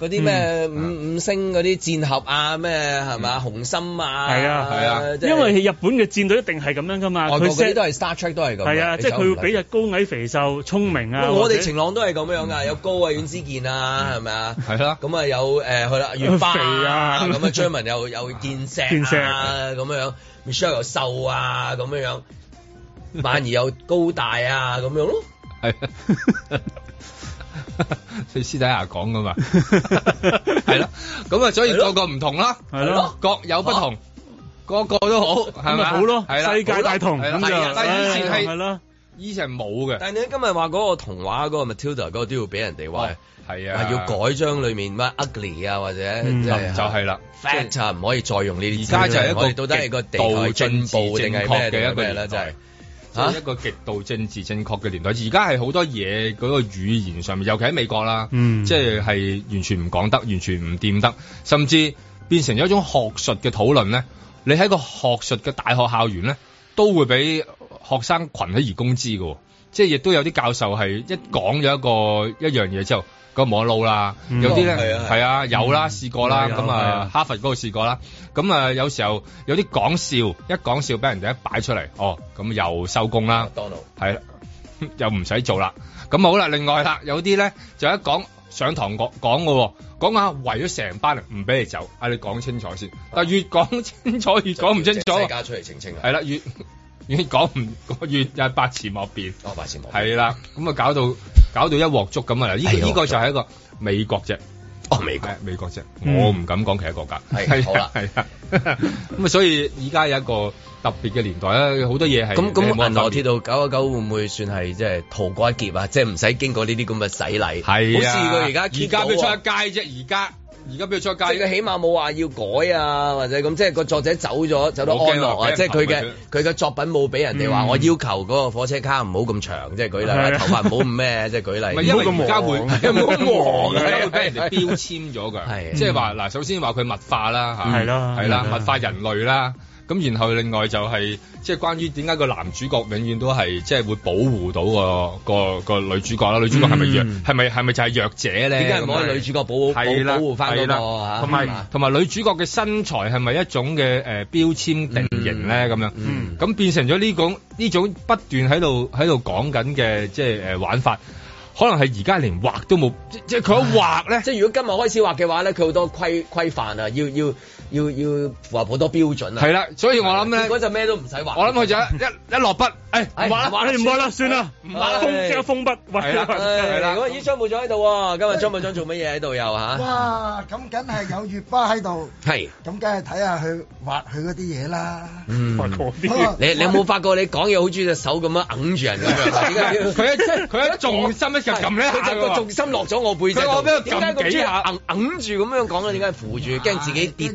嗰啲咩五五星嗰啲戰俠啊咩，係咪啊？紅心啊，係啊係啊，因為日本嘅戰隊一定係咁樣噶嘛，外國嗰啲都係 Star Trek 都係咁，係啊，即係佢會比日高矮肥瘦聰明啊。我哋晴朗都係咁樣噶，有高矮遠之健啊，係咪啊？係啦，咁啊有誒，去啦，如花啊，咁啊 Jermyn 又又健碩啊咁樣，Michelle 又瘦啊咁樣樣，反而又高大啊咁樣咯。係。佢私底下講噶嘛，係咯，咁啊，所以個個唔同啦，係咯，各有不同，個個都好，係咪好咯？世界大同咁就，但以前係，係咯，以前係冇嘅。但你今日話嗰個童話嗰個 Matilda 嗰個都要俾人哋話係啊，要改張裡面乜 ugly 啊或者，就係啦，即係就唔可以再用呢啲字，而家就係一個到底係個時代進步定係咩嘅一就個？啊、一個極度政治正確嘅年代，而家係好多嘢，嗰個語言上面，尤其喺美國啦，嗯、即係完全唔講得，完全唔掂得，甚至變成咗一種學術嘅討論咧，你喺個學術嘅大學校園咧，都會俾學生群起而攻之嘅，即係亦都有啲教授係一講咗一個一樣嘢之後。個冇得撈啦，有啲咧係啊，有啦，試過啦，咁啊哈佛嗰度試過啦，咁啊有時候有啲講笑，一講笑俾人哋一擺出嚟，哦，咁又收工啦，係啦，又唔使做啦，咁好啦，另外啦，有啲咧就一講上堂講講嘅，講下圍咗成班人唔俾你走，啊你講清楚先，但越講清楚越講唔清楚，而家出嚟澄清啊，係啦，越越講唔個越又百詞莫辯，百詞莫辯，係啦，咁啊搞到。搞到一鑊粥咁啊！呢依、哎、個就係一個美國啫，哦美國美國啫，嗯、我唔敢講其他國家。係，好啦，係啊。咁啊， <laughs> 所以而家有一個特別嘅年代啦，好多嘢係咁咁。銀河鐵道九九九會唔會算係即係逃過一劫啊？即係唔使經過呢啲咁嘅洗禮。係啊的，我試過而家，而家要出街啫，而家。而家俾佢出街，即係佢起碼冇話要改啊，或者咁，即係個作者走咗，走得安樂啊，即係佢嘅佢嘅作品冇俾人哋話我要求嗰個火車卡唔好咁長，即係舉例，頭髮唔好咁咩，即係舉例。唔係因為而家會好惡嘅，俾人哋標籤咗㗎，即係話嗱，首先話佢物化啦嚇，係咯，係啦，物化人類啦。咁，然後另外就係、是、即係關於點解個男主角永遠都係即係會保護到個個個女主角啦？女主角係咪弱？係咪係咪就係弱者咧？點解唔可以女主角保護？係啦的，保護翻嗰、那個同埋同埋女主角嘅身材係咪一種嘅誒、呃、標籤定型咧？咁樣，咁、嗯嗯、變成咗呢種呢種不斷喺度喺度講緊嘅即係誒玩法，可能係而家連畫都冇、就是，即係佢畫咧，即係如果今日開始畫嘅話咧，佢好多規規範啊，要要。要要要要要符合好多標準啊，係啦，所以我諗咧，嗰陣咩都唔使畫。我諗佢就一一落筆，誒畫啦，畫唔好啦，算啦，風即係風筆。係啦，係啦，我依家張喺度，今日張木匠做乜嘢喺度又吓哇，咁梗係有月花喺度，係，咁梗係睇下佢畫佢嗰啲嘢啦。嗯，啲。你你有冇發覺你講嘢好中意隻手咁樣揞住人咁樣？佢一佢一重心一夾撳咧，佢就重心落咗我背脊度。點解幾下揞揞住咁樣講咧？點解扶住？驚自己跌。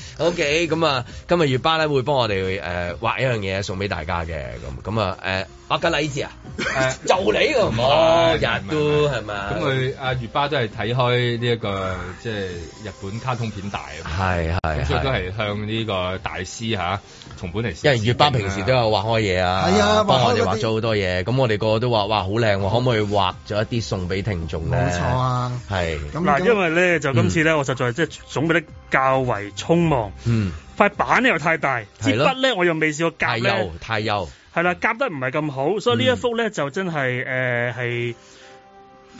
OK. 咁啊，今日月巴咧，會幫我哋誒畫一樣嘢送俾大家嘅，咁咁啊誒畫個荔枝啊，就你㗎唔好日都係咪？咁佢阿月巴都係睇開呢一個即係日本卡通片大啊，係係，所以都係向呢個大師嚇松本嚟。因為月巴平時都有畫開嘢啊，係啊，幫我哋畫咗好多嘢。咁我哋個個都話哇，好靚喎，可唔可以畫咗一啲送俾聽眾？冇錯啊，係。嗱，因為咧，就今次咧，我實在即係總覺得較為匆忙。嗯，塊板咧又太大，的支筆咧我又未試過夾，咧，太幼係啦，夾得唔係咁好，所以呢一幅咧，嗯、就真係誒係。呃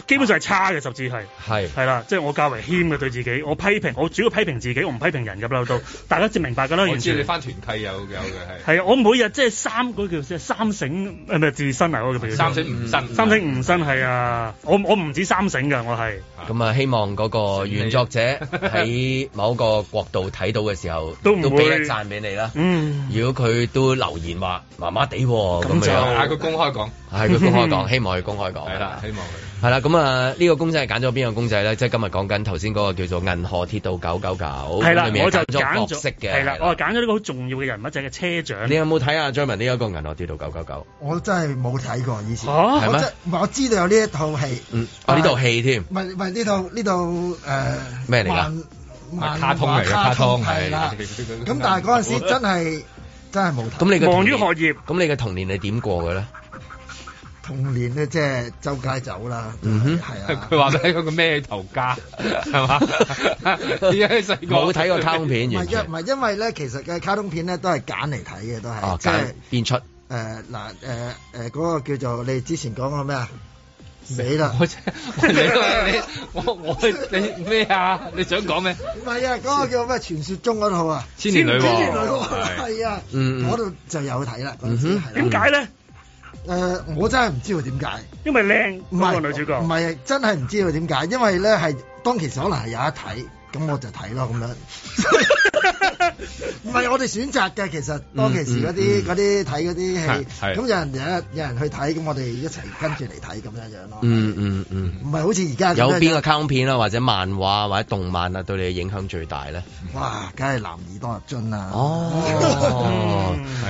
基本上係差嘅，甚至係係係啦，即係我較為謙嘅對自己，我批評我主要批評自己，我唔批評人咁樣都，大家知明白㗎啦。我知你翻團契有有嘅係係我每日即係三個叫做三省誒咪？自身啊我個叫三省吾身，三省吾身係啊，我我唔止三省嘅我係。咁啊，希望嗰個原作者喺某個角度睇到嘅時候，都都俾一讚俾你啦。嗯，如果佢都留言話麻麻地咁就嗌佢公開講，嗌佢公開講，希望佢公開講。係啦，希望佢。係啦，咁啊，呢個公仔係揀咗邊個公仔咧？即係今日講緊頭先嗰個叫做《銀河鐵道九九九》，係啦，我就揀咗金色嘅，係啦，我係揀咗呢個好重要嘅人物，就係個車長。你有冇睇啊？張文呢一個《銀河鐵道九九九》？我真係冇睇過以前，係咩？我知道有呢一套戲，嗯，呢套戲添。唔係呢套，呢套誒咩嚟㗎？卡通嚟嘅，卡通係啦。咁但係嗰陣時真係真係冇睇。咁你嘅忙於學業？咁你嘅童年係點過嘅咧？童年咧即係周街走啦，係啊！佢話睇過個咩頭家，係嘛？而家細個冇睇過卡通片。唔係，因為咧，其實嘅卡通片咧都係揀嚟睇嘅，都係編出。誒嗱，誒誒嗰個叫做你之前講嗰咩啊？死啦！我我你咩啊？你想講咩？唔係啊！嗰個叫咩？傳說中嗰套啊？千年女優是啊，嗰度就有睇啦。點解咧？誒、呃，我真係唔知道點解，因為靚唔係女主角，唔係真係唔知道點解，因為咧係當其時，可能係有一睇，咁我就睇咯咁樣。 <laughs> 唔係、啊、我哋選擇嘅，其實當其時嗰啲啲睇嗰啲戲，咁、嗯嗯嗯啊啊啊啊、有人有，有人去睇，咁我哋一齊跟住嚟睇咁樣樣咯、嗯。嗯嗯嗯，唔係好似而家有邊個卡通片啦、啊，或者漫畫或者動漫啊，對你影響最大咧？哇，梗係男兒當入樽啦。哦，哦，嗯、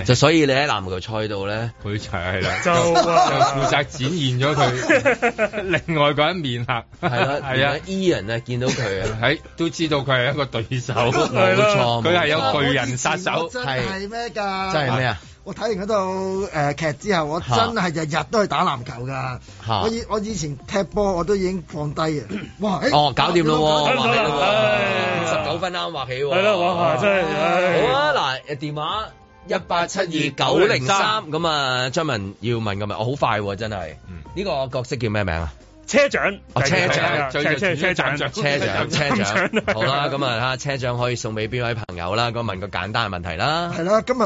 哦，就是、所以你喺籃球賽度咧，佢就係啦，就就負責展現咗佢另外嗰一,一面啦。係啦，係啊，E 人啊，見到佢啊，喺都知道佢係一個對手，冇錯。佢係有巨人殺手，係真係咩㗎？真係咩啊？我睇完嗰套誒劇之後，我真係日日都去打籃球㗎。我以我以前踢波我都已經放低啊。哇！哦，搞掂咯，畫起咯，十九分啱畫起喎。係咯，哇！真係好啊！嗱，電話一八七二九零三，咁啊，張文耀文咁啊，我好快喎，真係呢個角色叫咩名啊？車長，哦，車長，車長，車長，車長，好啦，咁啊，車長可以送俾邊位朋友啦，咁問個簡單嘅問題啦。係啦，今日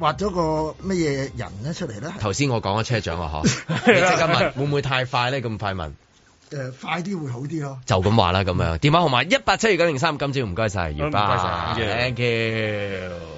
畫咗個乜嘢人咧出嚟咧？頭先我講咗車長啊，嗬，你即刻問，會唔會太快咧？咁快問？誒，快啲會好啲咯。就咁話啦，咁樣。電話號碼一八七二九零三，今朝唔該晒，余爸，thank you。